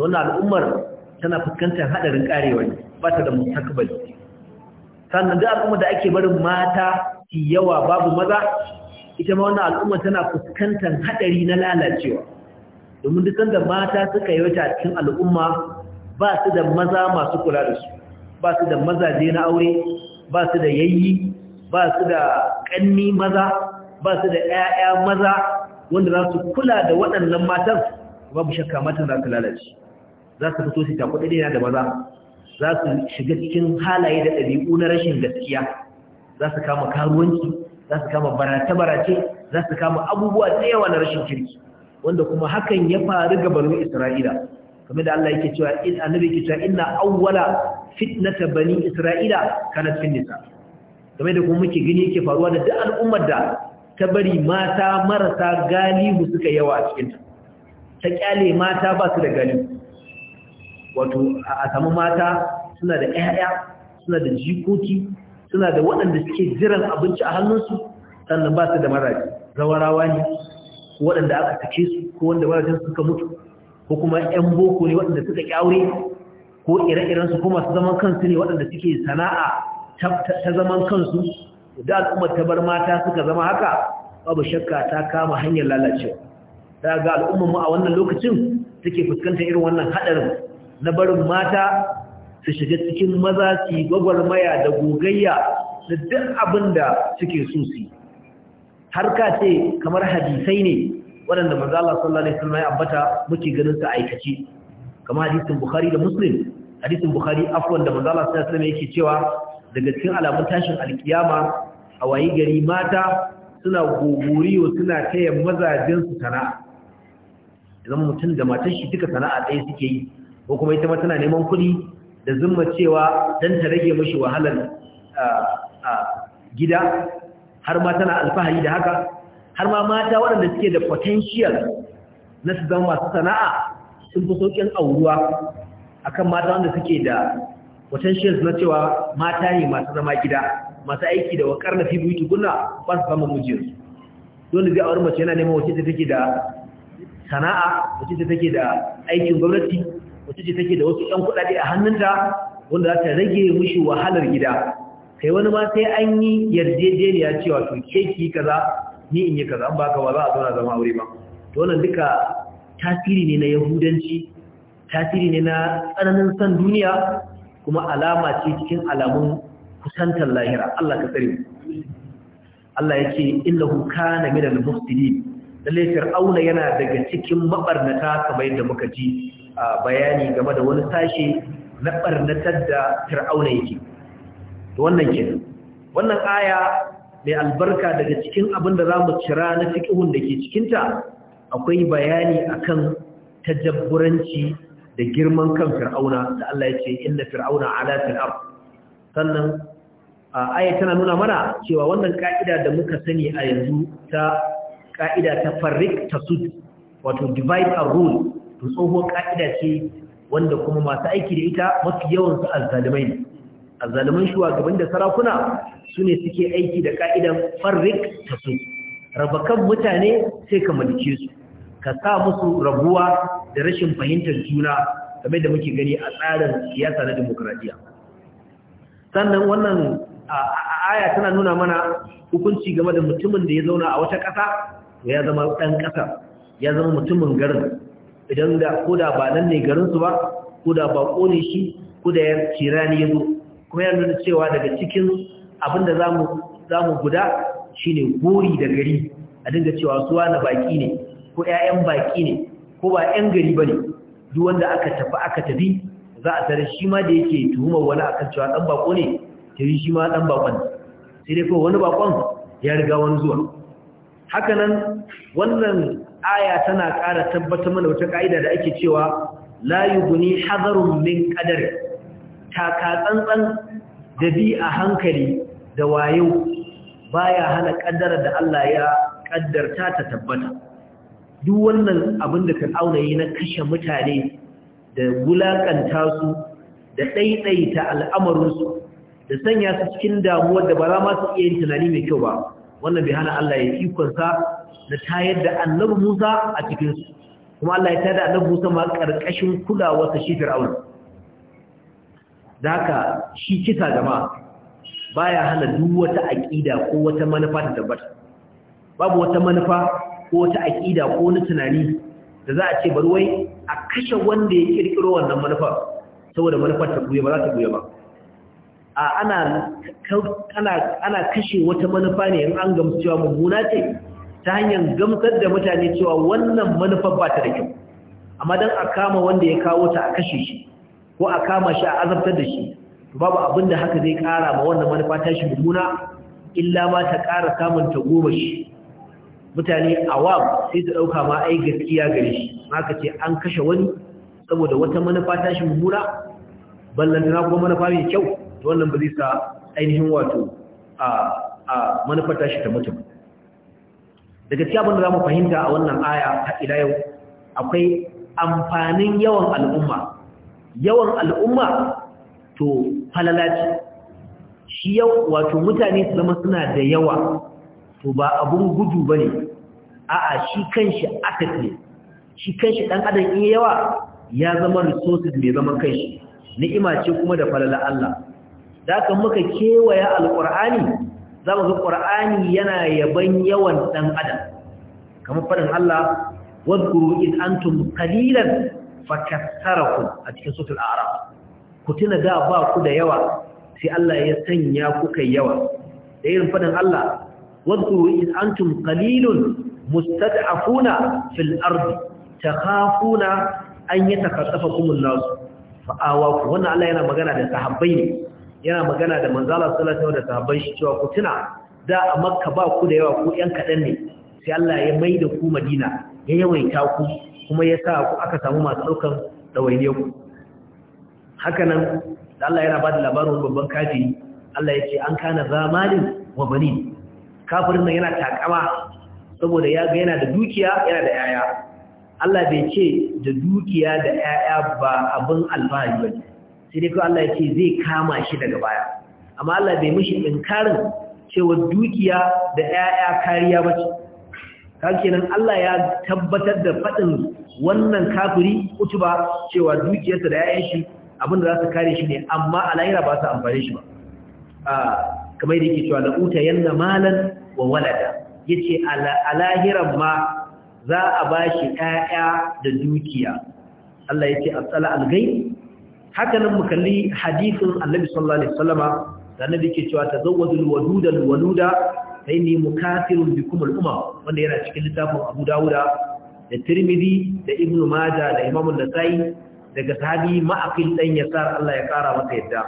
wannan al'ummar tana fuskantar hadarin karewa ne ba ta da mustakbali sannan da al'umma da ake barin mata su yawa babu maza ita ma wannan al'umma tana fuskantar hadari na lalacewa domin duk sanda mata suka yi wata cikin al'umma ba su da maza masu kula da su ba su da mazaje na aure ba su da yayyi ba su da kanni maza ba su da ƴaƴa maza wanda za su kula da waɗannan matan babu shakka matan za su lalace za su fito su takuɗa na da maza za su shiga cikin halaye da ɗabi'u na rashin gaskiya za su kama karuwanci za su kama barace-barace za su kama abubuwa da yawa na rashin kirki wanda kuma hakan ya faru ga banu isra'ila kamar da Allah yake cewa in annabi yake cewa inna awwala fitnata bani isra'ila kanat fi nisa kamar da kuma muke gani yake faruwa da duk al'ummar da ta bari mata marasa galihu suka yawa a cikin ta ta kyale mata ba su da galihu wato a samu mata suna da ƴaƴa suna da jikoki suna da waɗanda suke jiran abinci a hannunsu sannan ba su da maraji zawarawa ne waɗanda aka take su ko wanda marajin suka mutu ko kuma ƴan boko ne waɗanda suka ƙyaure ko ire-irensu ko masu zaman kansu ne waɗanda suke sana'a ta zaman kansu da al'ummar ta bar mata suka zama haka babu shakka ta kama hanyar lalacewa ta ga al'ummar mu a wannan lokacin take fuskantar irin wannan haɗarin na barin mata su shiga cikin maza su yi gwagwarmaya da gogayya da duk abin da suke so su har ka ce kamar hadisai ne waɗanda manzo Allah sallallahu alaihi wasallam ya ambata muke ganin su aikace kamar hadisin Bukhari da Muslim hadisin Bukhari afwan da manzo Allah sallallahu alaihi wasallam yake cewa daga cikin alamun tashin alkiyama a wayi gari mata suna gogoriyo suna taya mazajen su sana'a idan mutum da matar shi duka sana'a ɗaya suke yi ko kuma ita ma tana neman kuɗi da zumma cewa don ta rage mashi wahalar gida har ma tana alfahari da haka har ma mata waɗanda suke da potential na su zama masu sana'a sun fi sauƙin auruwa akan mata wanda suke da potential na cewa mata ne masu zama gida masu aiki da wakar na fi buyi guna ba su samun mijiyarsu dole zai auri mace yana neman wacce ta take da sana'a wacce ta take da aikin gwamnati wacce ce take da wasu yan kuɗaɗe a hannunta wanda za ta rage mushi wahalar gida kai wani ma sai an yi yarjejeniya cewa to ke ki kaza ni in yi kaza an baka ba za a zauna zama aure ba to wannan duka tasiri ne na yahudanci tasiri ne na tsananin san duniya kuma alama ce cikin alamun kusantar lahira Allah ka tsare Allah ya ce innahu kana minal mufsidin lalle fir'auna yana daga cikin mabarnata kamar yadda muka ji bayani game da wani sashe na barnatar da fir'auna yake to wannan ke. wannan aya mai albarka daga cikin abin da mu cira na fiqhun da ke cikin ta akwai bayani akan tajabburanci da girman kan fir'auna da Allah ya ce inna fir'auna ala fil sannan aya tana nuna mana cewa wannan ka'ida da muka sani a yanzu ta ka'ida ta farrik sud wato divide and rule to tsohon ka'ida ce wanda kuma masu aiki da ita mafi yawan su azzalumai ne azzaluman shugaban da sarakuna su ne suke aiki da ka'idan farrik ta su raba kan mutane sai ka malice su ka sa musu rabuwa da rashin fahimtar juna game da muke gani a tsarin siyasa na demokradiyya sannan wannan aya tana nuna mana hukunci game da mutumin da ya zauna a wata ƙasa to ya zama ɗan ƙasa ya zama mutumin garin idan da ko da ba nan ne garinsu ba ko da ba kone shi ko da ya ne ya kuma yana nuna cewa daga cikin abin da za guda shine ne gori da gari a dinga cewa suwa na baƙi ne ko 'ya'yan baƙi ne ko ba 'yan gari ba ne duk wanda aka tafi aka tafi za a tare shi ma da yake tuhumar wani kan cewa ɗan baƙo ne ta yi shi ma ɗan baƙon sai dai kawai wani baƙon ya riga wani zuwa haka wannan aya tana ƙara tabbatar mana wata ƙa'ida da ake cewa la yuguni hadarun min qadar taka tsantsan da bi a hankali da wayo baya hana ƙaddara da Allah ya ƙaddarta ta tabbata duk wannan abin da kan auna yi na kashe mutane da gulakanta su da ɗaiɗaita al'amuransu da sanya su cikin damuwa da ba za ma su iya yin tunani mai kyau ba wannan bai hana Allah ya ikonsa na tayar da annabi Musa a cikinsu. kuma Allah ya tada annabi Musa ma karkashin kulawar ta shi Fir'aun da haka shi kisa gama baya hana duk wata aqida ko wata manufa ta tabbata babu wata manufa ko wata aqida ko wani tunani da za a ce bari wai a kashe wanda ya ƙirƙiro wannan manufa saboda manufar ta buye ba za ta buye ba a ana kashe wata manufa ne in an gamsu cewa mummuna ce ta hanyar gamsar da mutane cewa wannan manufar ba ta da kyau amma don a kama wanda ya kawo ta a kashe shi ko a kama shi a azabtar da shi babu abin da haka zai kara ma wannan manufa ta shi mummuna illa ma ta kara samun ta goma shi mutane awam sai ta ɗauka ma ai gaskiya gare shi haka ce an kashe wani saboda wata manufa ta shi mummuna ballantana kuma manufa mai kyau to wannan ba zai sa ainihin wato a a manufar tashi ta mutum daga cikin abin da zamu fahimta a wannan aya ta ila yau akwai amfanin yawan al'umma yawan al'umma to falalaci shi yau wato mutane su zama suna da yawa to ba abun gudu ba bane a'a shi kanshi ce shi kanshi dan adam in yawa ya zama resources mai zaman kanshi ni'ima ce kuma da falala Allah da aka muka kewaya alƙur'ani za mu ƙur'ani yana yaban yawan ɗan adam kamar faɗin Allah wadkuru in antum qalilan fakassarakum a cikin sutul ara ku tuna da ba ku da yawa sai Allah ya sanya ku kai yawa da irin faɗin Allah wadkuru in antum qalilun mustad'afuna fil ardi kafuna an yatakassafakum an-nas fa'awaku wannan Allah yana magana da sahabbai ne yana magana da manzala sallallahu da sahabban shi cewa ku tuna da a makka ba ku da yawa ku yan kaɗan ne sai Allah ya mai da ku madina ya yawaita ku kuma ya sa ku aka samu masu ɗaukan dawainiya ku haka nan da Allah yana ba da labarin babban kaji Allah ya ce an kana zamanin wa banin kafirin nan yana takama saboda ya ga yana da dukiya yana da yaya Allah bai ce da dukiya da yaya ba abin alfahari ba sai dai ko Allah ya ce zai kama shi daga baya amma Allah bai mishi inkarin cewa dukiya da 'ya'ya kariya ba ce kenan Allah ya tabbatar da faɗin wannan kafiri kutuba cewa dukiyarsa da 'ya'yan shi abinda za su kare shi ne amma a lahira ba su amfani shi ba kamar da yake cewa uta yanna malan wa walada yace a lahira ma za a ba shi 'ya'ya da dukiya Allah yace asala algai haka nan mu kalli hadisin annabi sallallahu alaihi wasallama da annabi ke cewa tazawwadul wadudal waluda fa inni mukafirun bikum al umam wanda yana cikin littafin Abu Dawuda da Tirmidhi da Ibn Majah da Imam An-Nasa'i daga sahabi Ma'aqil dan Yasar Allah ya kara masa yadda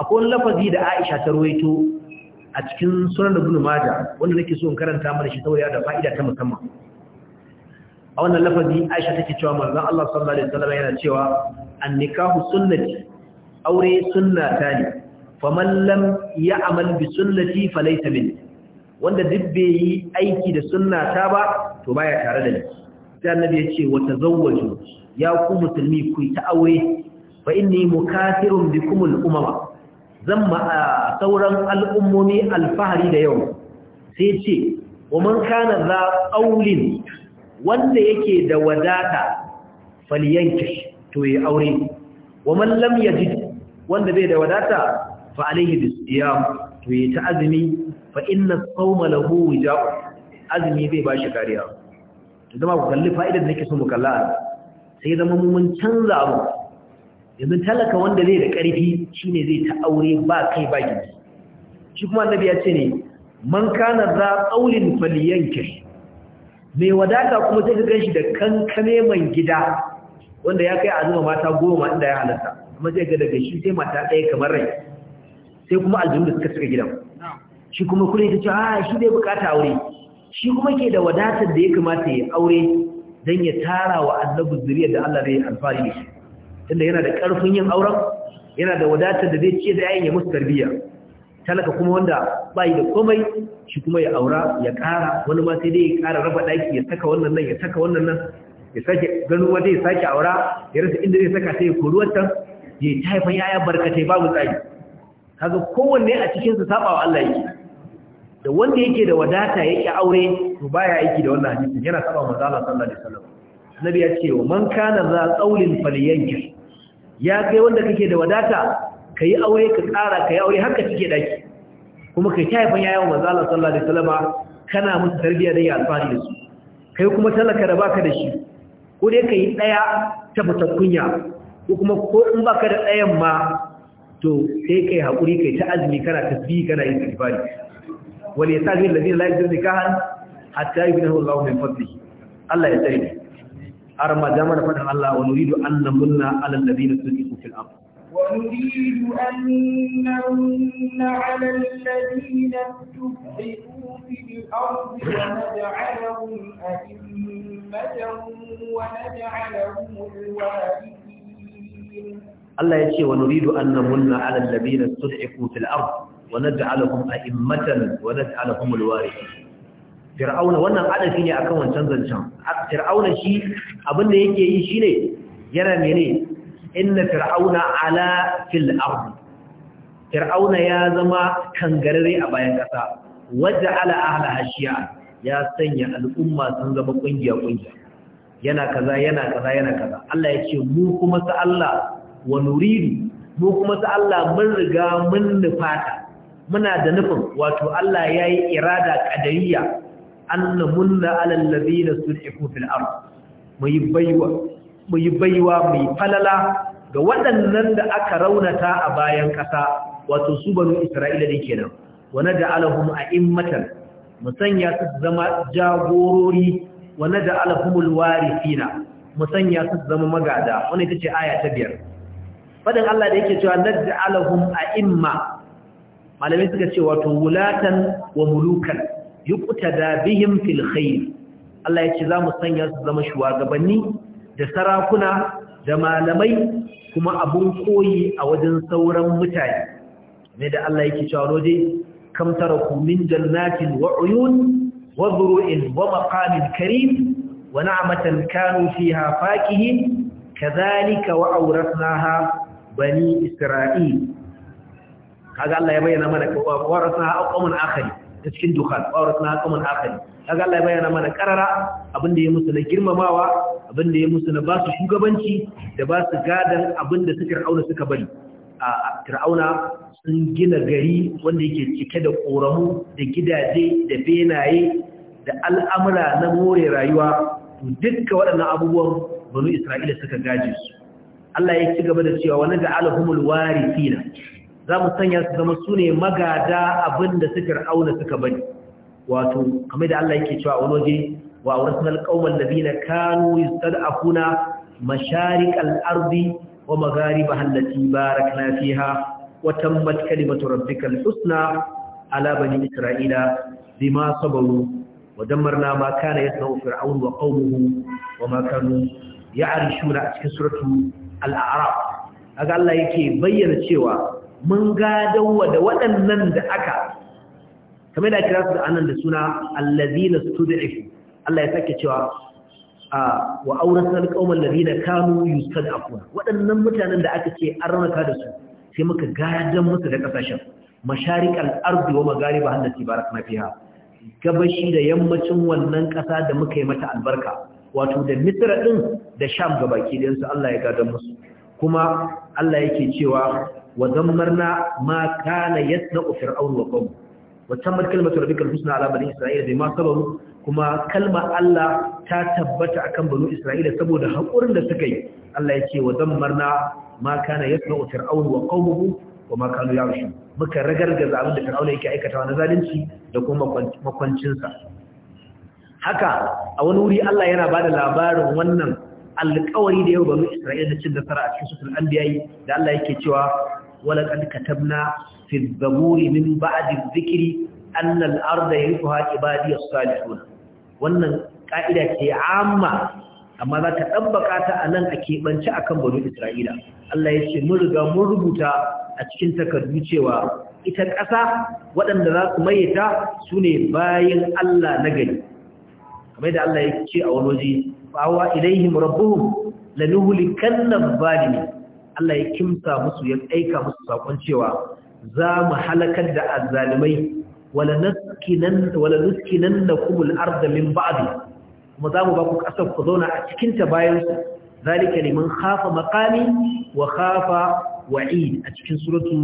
akwai lafazi da Aisha ta ruwaito a cikin sunan Ibn Majah wanda nake so in karanta mana shi saboda da fa'ida ta musamman a wannan lafazi Aisha take cewa manzon Allah sallallahu alaihi wasallam yana cewa annikahu nikahu sunnati aure sunnata ne faman lam ya'mal bi sunnati falaysa minni wanda duk bai yi aiki da sunnata ba to baya tare da ni sai annabi ya ce wa tazawwaju ya ku musulmi ku ta aure fa inni mukathirun bikum al-umama zan ma sauran al'ummomi alfahari da yau sai ce wa man kana za aulin wanda yake da wadata falyanki to yi aure wa man lam yajid wanda bai da wadata fa alaihi bisiyam to yi ta azumi fa inna sawma lahu wijaa azumi zai ba shi kariya to zama ku kalli fa'idar da nake so mu kalla sai zama mu mun canza abu yanzu talaka wanda zai da karfi shine zai ta aure ba kai ba gidi shi kuma annabi ya ce ne man kana za qaulin falyanki mai wadata kuma sai ka shi da kankane man gida wanda ya kai azuma mata goma inda ya halarta. amma sai ga daga shi sai mata ɗaya kamar rai sai kuma aljihun da suka suka gidan shi kuma kula ta ce "Ah shi zai bukata aure shi kuma ke da wadatar da ya kamata ya aure don ya tara wa Annabu zuriyar da Allah zai alfahari da tunda yana da karfin yin auren yana da wadatar da zai ce da yayin ya musu tarbiyya talaka kuma wanda bai da komai shi kuma ya aura ya ƙara wani ma sai dai ya ƙara raba ɗaki ya saka wannan nan ya saka wannan nan ya sake ganin wata ya sake aura ya rasa inda zai saka sai ya kori wancan ya ta haifan yaya barkatai babu tsari kaga kowanne a cikin su saba wa Allah yake da wanda yake da wadata yake aure to baya aiki da wannan hadisi yana saba manzo Allah sallallahu alaihi wasallam annabi ya ce wa man kana za qaulin falyankir ya kai wanda kake da wadata kai aure ka ƙara kai aure haka cike daki kuma kai ta haifan yayan manzo Allah sallallahu alaihi wasallam kana musu tarbiya da alfahari da su kai kuma talaka da baka da shi ko dai kai daya ta kunya ko kuma ko in baka da dayan ma to sai kai hakuri kai ta azumi kana tasbi kana yin istighfari wal yasabi alladhina la yajid nikahan hatta yubinahu Allahu min fadlihi Allah ya tsare har ma da fadan Allah wa nuridu an namunna ala alladhina suqitu fil ardh ونريد أن نمن على الذين استضعفوا في الأرض ونجعلهم أئمة ونجعلهم الوارثين الله يشي ونريد أن نمن على الذين استضعفوا في الأرض ونجعلهم أئمة ونجعلهم الوارثين fir'auna wannan adafi ne akan wancan zancen fir'auna shi abin da yake yi shine yana mene inna fir'auna ala fil ard fir'auna ya zama kangarare a bayan kasa waja'ala ahlaha shi'a ya sanya al'umma sun zama kungiya kungiya yana kaza yana kaza yana kaza Allah ya ce mu kuma sa Allah wa nuridu mu kuma sa Allah mun riga mun nufata muna da nufin wato Allah yayi irada qadariyya anna munna ala alladhina sulhifu fil ard mu yi baiwa mu yi baiwa mu falala ga waɗannan da aka raunata a bayan ƙasa wato su banu Isra'ila ne kenan da nad'alahum a'immatan mu sanya su zama jagorori wa nad'alahumul warithina mu sanya su zama magada wani ita ce aya ta biyar Faɗin Allah da yake cewa nad'alahum a'imma malamai suka ce wato wulatan wa mulukan yi yuqtada da bihin khair Allah ya ce za mu sanya su zama shugabanni da sarakuna da malamai kuma abun koyi a wajen sauran mutane ne da Allah yake cewa roje kam taraku min jannatin wa uyun wa zuru'in wa maqamin karim wa na'matan kanu fiha faqihin kadhalika wa awrathnaha bani isra'il kaga Allah ya bayyana mana ko awrathnaha aqwaman akhari ta cikin dukkan ƙwarar na kamun akari kaga Allah ya bayyana mana karara abin da ya musu na girmamawa abin da ya musu na basu shugabanci da basu gadon abin da suka rauna suka bari a Fir'auna sun gina gari wanda yake cike da ƙoramu da gidaje da benaye da al'amura na more rayuwa dukka waɗannan abubuwan banu Isra'ila suka gaje su Allah ya ci gaba da cewa wani ga alhumul warithina za mu sanya su zama su ne magada abin da su fir'auna suka bari wato kamar da Allah yake cewa wani waje wa aurasnal qauman ladina kanu yastad'afuna masharik al-ardi wa magharibaha allati barakna fiha wa tammat kalimatu rabbikal husna ala bani isra'ila bima sabaru wa dammarna ma kana yasna'u fir'aun wa qaumuhu wa ma kanu ya'rishuna a cikin suratu al-a'raf kaga Allah yake bayyana cewa mun gadawa da waɗannan da aka kamar da kira su da annan da suna allazina stud'ifu Allah ya sake cewa wa auratul qauman ladina kanu yustad'afuna waɗannan mutanen da aka ce an ranaka da su sai muka gadan musu da kasashen masharikal ardi wa maghariba allati barakna fiha gabashi da yammacin wannan ƙasa da muka yi mata albarka wato da misra din da sham gabaki din su Allah ya gadan musu kuma Allah yake cewa wa zammarna ma kana yasna'u fir'aun wa qawm wa tammat kalmatu rabbikal husna ala bani isra'ila bima sabaru kuma kalma Allah ta tabbata akan bani isra'ila saboda hakurin da suka yi Allah ya ce wa zammarna ma kana yasna'u fir'aun wa qawmuhu wa ma kanu ya'rishun muka ragargaza abin da fir'aun yake aikatawa na zalunci da kuma makwancinsa haka a wani wuri Allah yana bada labarin wannan alƙawari da yau banu Isra'ila da cin nasara a cikin sukul anbiyayi da Allah yake cewa wala qad katabna fi zaburi min ba'di dhikri anna al-arda yarithuha ibadi as-salihun wannan ka'ida ce amma amma za ka dabbaka ta anan a kebanci akan banu Isra'ila Allah ya ce mun riga mun rubuta a cikin takardu cewa ita ƙasa waɗanda za su mayyata su ne bayan Allah na gari kamar da Allah ya ce a wani waje bawa ilaihim rabbuhum lanuhlikanna zalimin Allah ya kimsa musu ya aika musu sakon cewa za mu halakar da azzalimai wala naskinan wala nuskinannakum al-ard min ba'di kuma za mu ba ku kasar ku zauna a cikin ta bayan su zalika liman khafa maqami wa khafa wa'id a cikin suratu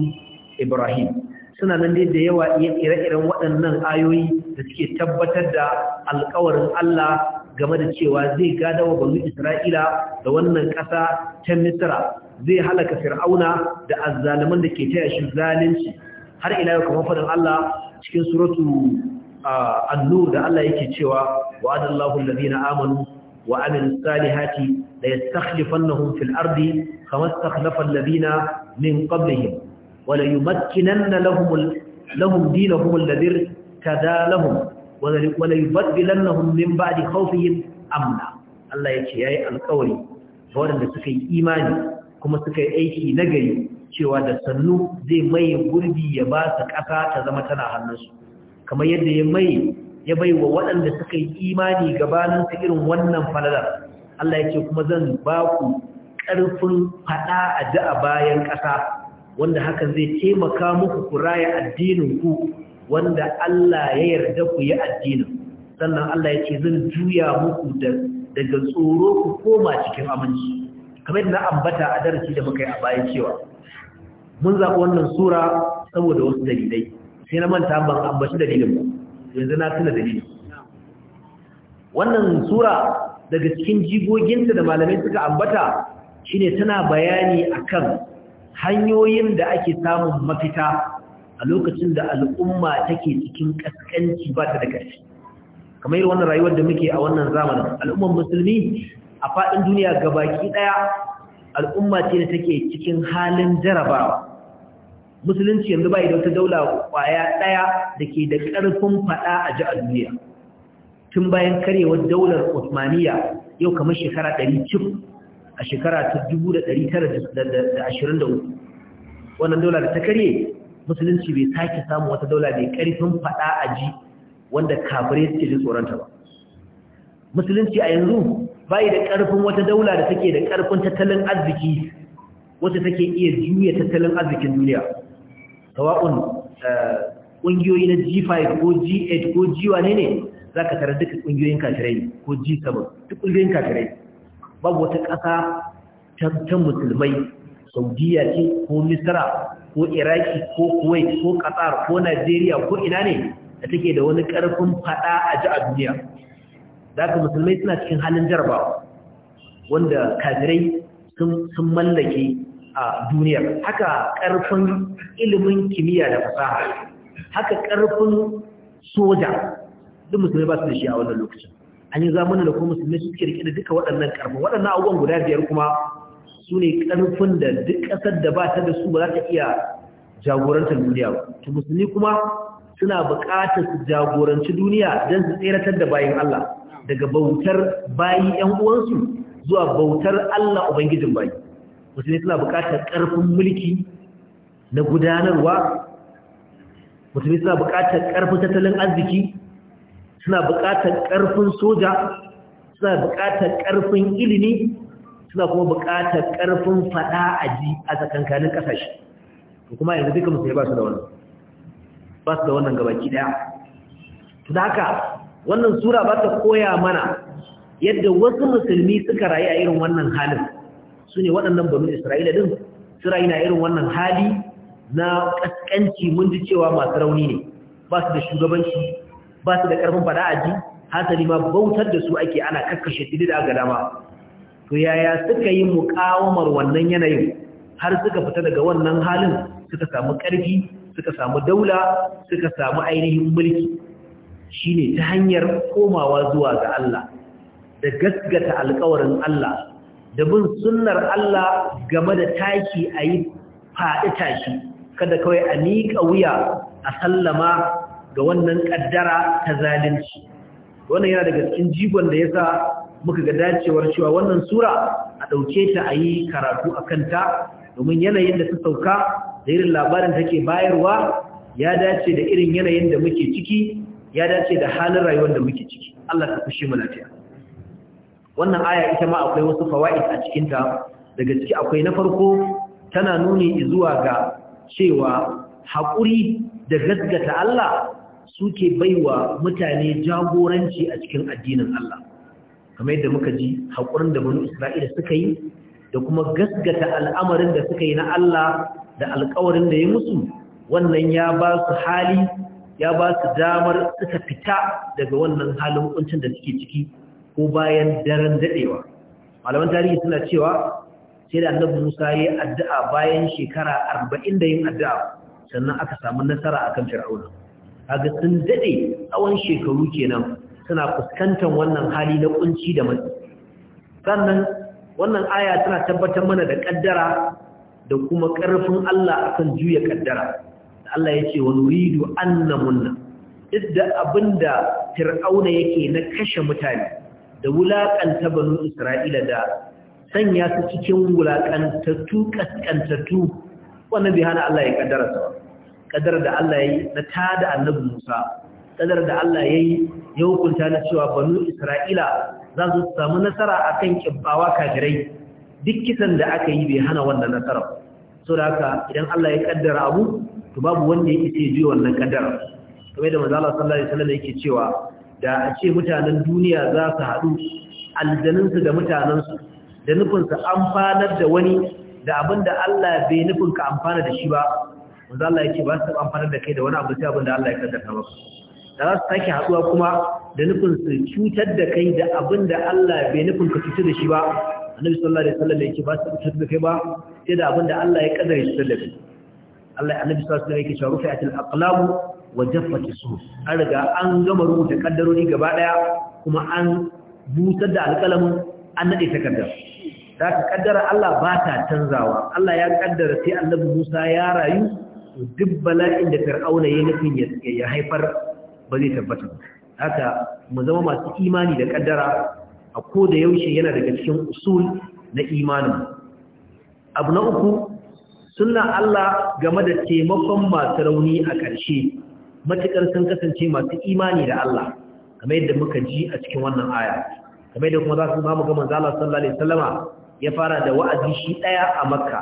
ibrahim suna nan da yawa ire-iren waɗannan ayoyi da suke tabbatar da alƙawarin Allah game da cewa zai gada wa banu Isra'ila da wannan ƙasa ta Misra zai halaka Fir'auna da azzaliman da ke taya shi zalunci har ila yau kamar faɗin Allah cikin suratu an da Allah yake cewa wa'adallahu alladhina amanu wa amilus salihati la yastakhlifannahum fil ardi kamar istakhlafa labina min qablihim wa la yumakkinanna lahum lahum dinahum alladhi kada lahum wala yubaddilannahum min ba'di khawfihim amna Allah ya ce yayi alƙawari ga waɗanda suka yi imani kuma suka yi aiki nagari cewa da sannu zai mai gurbi ya ba su ƙasa ta zama tana hannunsu kamar yadda ya mai ya bai wa waɗanda suka yi imani gabanin su irin wannan falalar Allah ya ce kuma zan ba ku ƙarfin faɗa a da a bayan ƙasa wanda hakan zai taimaka muku ku raya addinin ku wanda Allah ya yarda ku yi addinin sannan Allah ya ce zan juya muku daga tsoro ku koma cikin aminci kamar na ambata a darasi da muka yi a bayan cewa mun zaɓi wannan sura saboda wasu dalilai sai na manta ban ambaci dalilin ba yanzu na tuna dalilin wannan sura daga cikin jigoginta da malamai suka ambata shine tana bayani akan hanyoyin da ake samun mafita a lokacin da al'umma take cikin ƙasƙanci ba ta da ƙarfi kamar irin wannan rayuwar da muke a wannan zamanin al'ummar musulmi a faɗin duniya gabaki ɗaya al'umma ce da take cikin halin jarabawa musulunci yanzu bai da wata daula kwaya ɗaya da ke da ƙarfin faɗa a ji a duniya tun bayan karyewar daular Osmaniya yau kamar shekara ɗari cif a shekara ta 1923 wannan daular da ta karye musulunci bai sake samun wata daula mai karfin faɗa a ji wanda kafirai suke tsoron tsoronta ba musulunci a yanzu bai da karfin wata daula da take da karfin tattalin arziki wacce take iya juya tattalin arzikin duniya sawa'un eh, ƙungiyoyi na G5 ko G8 ko G1 ne za ka tara duka ƙungiyoyin kafirai ko G7 duk ƙungiyoyin kafirai babu wata ƙasa ta musulmai saudiya ce ko misra ko iraki ko kuwait ko qatar ko najeriya ko ina ne da take da wani karfin fada a ji a duniya da ka musulmai suna cikin halin jarabawa wanda kajirai sun mallake a duniya haka ƙarfin ilimin kimiyya da fasaha haka ƙarfin soja duk musulmai ba su da shi a wannan lokacin an yi zamanin da kuma musulmai suke rike da duka waɗannan karfin waɗannan abubuwan guda biyar kuma su ne ƙarfin da duk ƙasar da ba ta da su ba za ta iya jagorantar duniya ba Ta musulmi kuma suna buƙatar su jagoranci duniya don su tseratar da bayan Allah daga bautar bayi yan uwansu zuwa bautar Allah ubangijin bayi musulmi suna buƙatar ƙarfin mulki na gudanarwa musulmi suna buƙatar ƙarfin tattalin arziki suna buƙatar ƙarfin soja suna buƙatar ƙarfin ilimi suna kuma buƙatar ƙarfin faɗa a ji a tsakankanin ƙasashe to kuma yanzu duka musulmi ba su da wannan ba su da wannan gabaki ɗaya to da haka wannan sura ba ta koya mana yadda wasu musulmi suka rayu a irin wannan halin su ne waɗannan banu isra'ila din su rayu na irin wannan hali na ƙasƙanci mun ji cewa masu rauni ne ba su da shugabanci ba su da ƙarfin faɗa a ji hasali ma bautar da su ake ana kakkashe tili da dama to yaya suka yi muƙawamar wannan yanayin har suka fita daga wannan halin suka samu ƙarfi suka samu daula suka samu ainihin mulki shine ta hanyar komawa zuwa ga Allah da gaskata alƙawarin Allah da bin sunnar Allah game da taki a yi faɗi tashi kada kawai a miƙa wuya a sallama ga wannan ƙaddara ta zalunci wannan yana daga cikin jigon da ya sa muka ga dacewar cewa wannan sura a ɗauke ta a yi karatu a kanta domin yanayin da ta sauka da irin labarin ke bayarwa ya dace da irin yanayin da muke ciki ya dace da halin rayuwar da muke ciki Allah ta fushi mu lafiya wannan aya ita ma akwai wasu fawaid a cikin ta daga ciki akwai na farko tana nuni zuwa ga cewa haƙuri da gaskata Allah suke baiwa mutane jagoranci a cikin addinin Allah kamar yadda muka ji haƙurin da bani isra'ila suka yi da kuma gaskata al'amarin da suka yi na Allah da alƙawarin da ya musu wannan ya ba su hali ya ba su damar suka fita daga wannan halin kuncin da suke ciki ko bayan daren daɗewa malaman tarihi suna cewa sai da annabi musa ya addu'a bayan shekara arba'in da yin addu'a sannan aka samu nasara akan fir'auna kaga sun daɗe tsawon shekaru kenan suna fuskantar wannan hali na kunci da matsi sannan wannan aya tana tabbatar mana da kaddara da kuma ƙarfin Allah akan juya kaddara Allah ya ce wa nuridu annamunna duk da abinda fir'auna yake na kashe mutane da wulakanta banu Isra'ila da sanya su cikin wulakantattu kaskantattu wannan bai hana Allah ya kaddara sa kaddara da Allah ya yi na tada annabi Musa kadar da Allah ya yi ya hukunta na cewa banu Isra'ila za su samu nasara a kan ƙibbawa kafirai duk kisan da aka yi bai hana wannan nasara. So da haka idan Allah ya kaddara abu, to babu wanda ya isa ya wannan kaddara. Kamar da manzala sallar alaihi wasallam yake cewa da a ce mutanen duniya za su haɗu aljaninsu da mutanensu da nufinsu amfanar da wani da abin da Allah bai nufinka amfana da shi ba. Manzala yake ba su amfanar da kai da wani abu sai abin da Allah ya kaddara maka. da za su sake haɗuwa kuma da nufin su cutar da kai da abin da Allah bai nufin ka cutar da shi ba annabi sallallahu alaihi wasallam yake ba su cutar da kai ba sai da abin da Allah ya kadare shi da kai Allah annabi sallallahu alaihi wasallam yake cewa rufi'atil aqlam wa jaffat as-suhuf an riga an gama rubuta kaddarori gaba daya kuma an busar da alƙalamin an nade takardar da ka kaddara Allah ba ta canzawa Allah ya kaddara sai annabi Musa ya rayu duk bala'in da Fir'auna ya nufin ya haifar ba zai tabbata haka mu zama masu imani da kaddara a ko da yaushe yana daga cikin usul na imanin abu na uku suna Allah game da taimakon masu rauni a ƙarshe matuƙar sun kasance masu imani da Allah kamar yadda muka ji a cikin wannan aya kamar yadda kuma za su mamu ga manzo Allah sallallahu alaihi wasallama ya fara da wa'azi shi ɗaya a Makka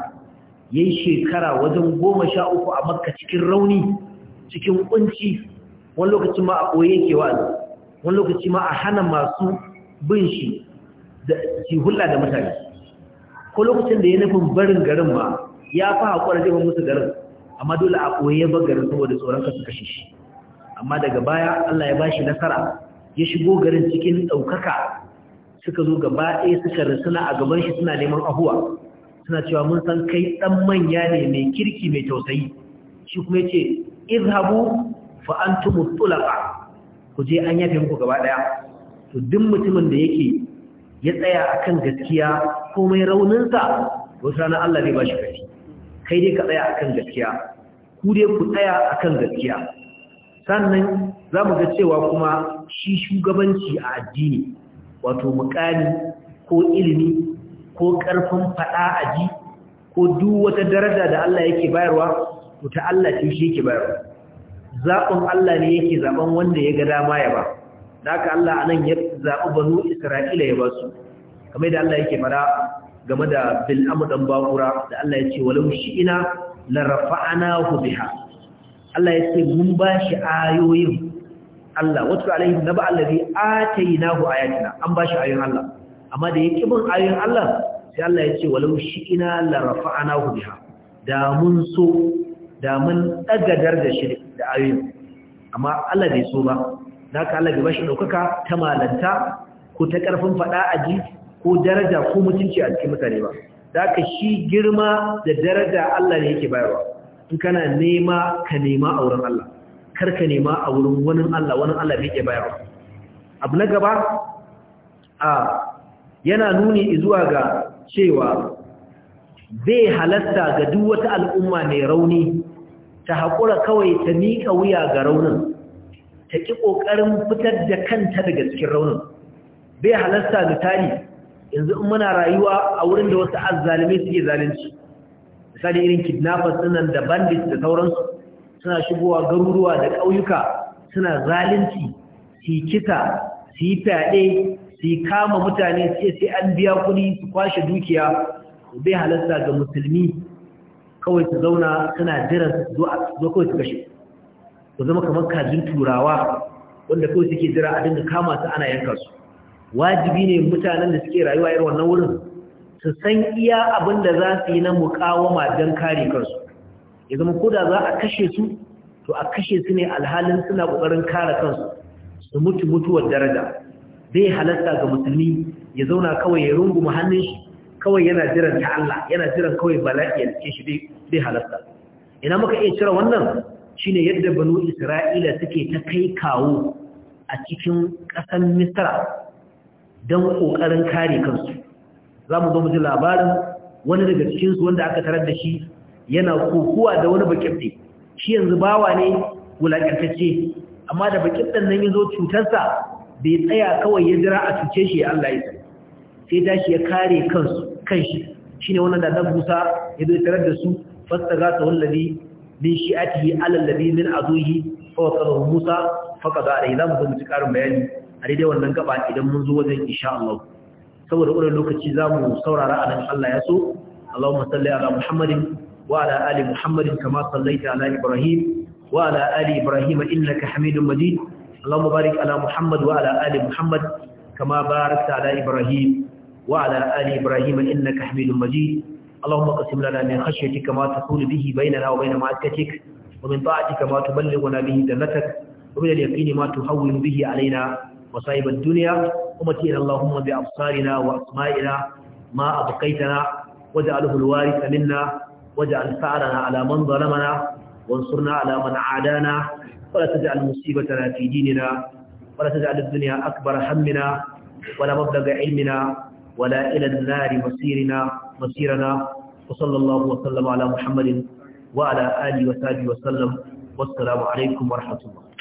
yayin shekara wajen goma sha uku a Makka cikin rauni cikin ƙunci. wani lokaci ma a ɓoye yake wa'azi wani lokaci ma a hana masu bin shi da shi hulɗa da mutane ko lokacin da ya nufin barin garin ma ya fi haƙura zai musu garin amma dole a ɓoye ya bar garin saboda tsoron kasu kashe shi amma daga baya Allah ya bashi nasara ya shigo garin cikin ɗaukaka suka zo gaba ɗaya suka risuna a gaban shi suna neman ahuwa suna cewa mun san kai ɗan manya ne mai kirki mai tausayi shi kuma ya ce izhabu fa antum tulaqa ku je an yafe muku gaba ɗaya, to duk mutumin da yake ya tsaya akan gaskiya komai raunin sa wasu ranar Allah zai bashi kashi kai dai ka tsaya akan gaskiya ku dai ku tsaya akan gaskiya sannan zamu ga cewa kuma shi shugabanci a addini wato mukami ko ilimi ko karfin a ji ko duk wata daraja da Allah yake bayarwa to ta Allah ce shi yake bayarwa zaɓin Allah ne yake zaɓen wanda ya ga dama ya ba da aka Allah a nan ya zaɓi banu isra'ila ya ba su kamar da Allah yake fara game da bil'amu ɗan bakura da Allah ya ce walau shi ina shi'ina larafa'ana biha Allah ya ce mun ba shi ayoyin Allah na wato alaihim naba allazi atainahu ayatina an ba shi ayoyin Allah amma da yake bin ayoyin Allah sai Allah ya ce walau shi ina shi'ina larafa'anahu biha da mun so da mun dagadar da shi da ayoyin amma Allah bai so ba ka Allah bai bashi daukaka ta malanta ko ta karfin fada ji, ko daraja ko mutunci a cikin mutane ba ka shi girma da daraja Allah ne yake bayarwa in kana nema ka nema a wurin Allah kar ka nema a wurin wani Allah wani Allah bai yake bayarwa abu na gaba a yana nuni zuwa ga cewa bai halatta ga duk wata al'umma mai rauni ta haƙura kawai ta miƙa wuya ga raunin ta ƙi ƙoƙarin fitar da kanta daga cikin raunin bai halasta misali yanzu in muna rayuwa a wurin da wasu azzalumi suke zalunci misali irin kidnappers ɗinnan da bandits da sauransu suna shigowa garuruwa da ƙauyuka suna zalunci su kisa su yi fyaɗe su kama mutane sai sai an biya kuɗi su kwashe dukiya bai halasta ga musulmi kawai su zauna suna jiran zo kawai su kashe Ku zama kamar kajin turawa wanda kawai suke jira a dinga kama su ana yanka su wajibi ne mutanen da suke rayuwa irin wannan wurin su san iya abin da za su yi na mukawama don kare kansu ya zama ko da za a kashe su to a kashe su ne alhalin suna kokarin kare kansu su mutu mutuwar daraja Zai halatta ga musulmi ya zauna kawai ya runguma hannun shi kawai yana jiran ta Allah yana jiran kawai bala'i ya rike shi dai halatta ina muka iya cire wannan shine yadda banu isra'ila suke ta kai kawo a cikin ƙasan misra don ƙoƙarin kare kansu za mu zo mu labarin wani daga cikinsu wanda aka tarar da shi yana kokuwa da wani bakifte shi yanzu bawa ne wulaƙantacce amma da bakiften nan ya zo cutarsa bai tsaya kawai ya jira a cuce shi Allah ya sai tashi ya kare kansu kan shi shine wannan da dan Musa ya zo tarar da su fastagasa wallazi min shi'atihi alal ladhi min aduhi fa wasalahu Musa fa qada alai zamu zo mu ci ƙarin bayani a daidai wannan gaba idan mun zo wajen insha Allah saboda wannan lokaci mu saurara a nan Allah ya so Allahumma salli ala Muhammadin wa ala ali Muhammadin kama ta ala Ibrahim wa ala ali Ibrahim ka Hamidum Majid Allahumma barik ala Muhammad wa ala ali Muhammad kama ta ala Ibrahim وعلى آل إبراهيم إنك حميد مجيد اللهم اقسم لنا من خشيتك ما تقول به بيننا وبين معسكتك ومن طاعتك ما تبلغنا به جنتك ومن اليقين ما تهون به علينا مصائب الدنيا ومتئنا اللهم بأبصارنا وأسمائنا ما أبقيتنا واجعله الوارث منا واجعل ثأرنا على من ظلمنا وانصرنا على من عادانا ولا تجعل مصيبتنا في ديننا ولا تجعل الدنيا أكبر همنا ولا مبلغ علمنا ولا إلى النار مصيرنا مصيرنا وصلى الله وسلم على محمد وعلى آله وصحبه وسلم والسلام عليكم ورحمة الله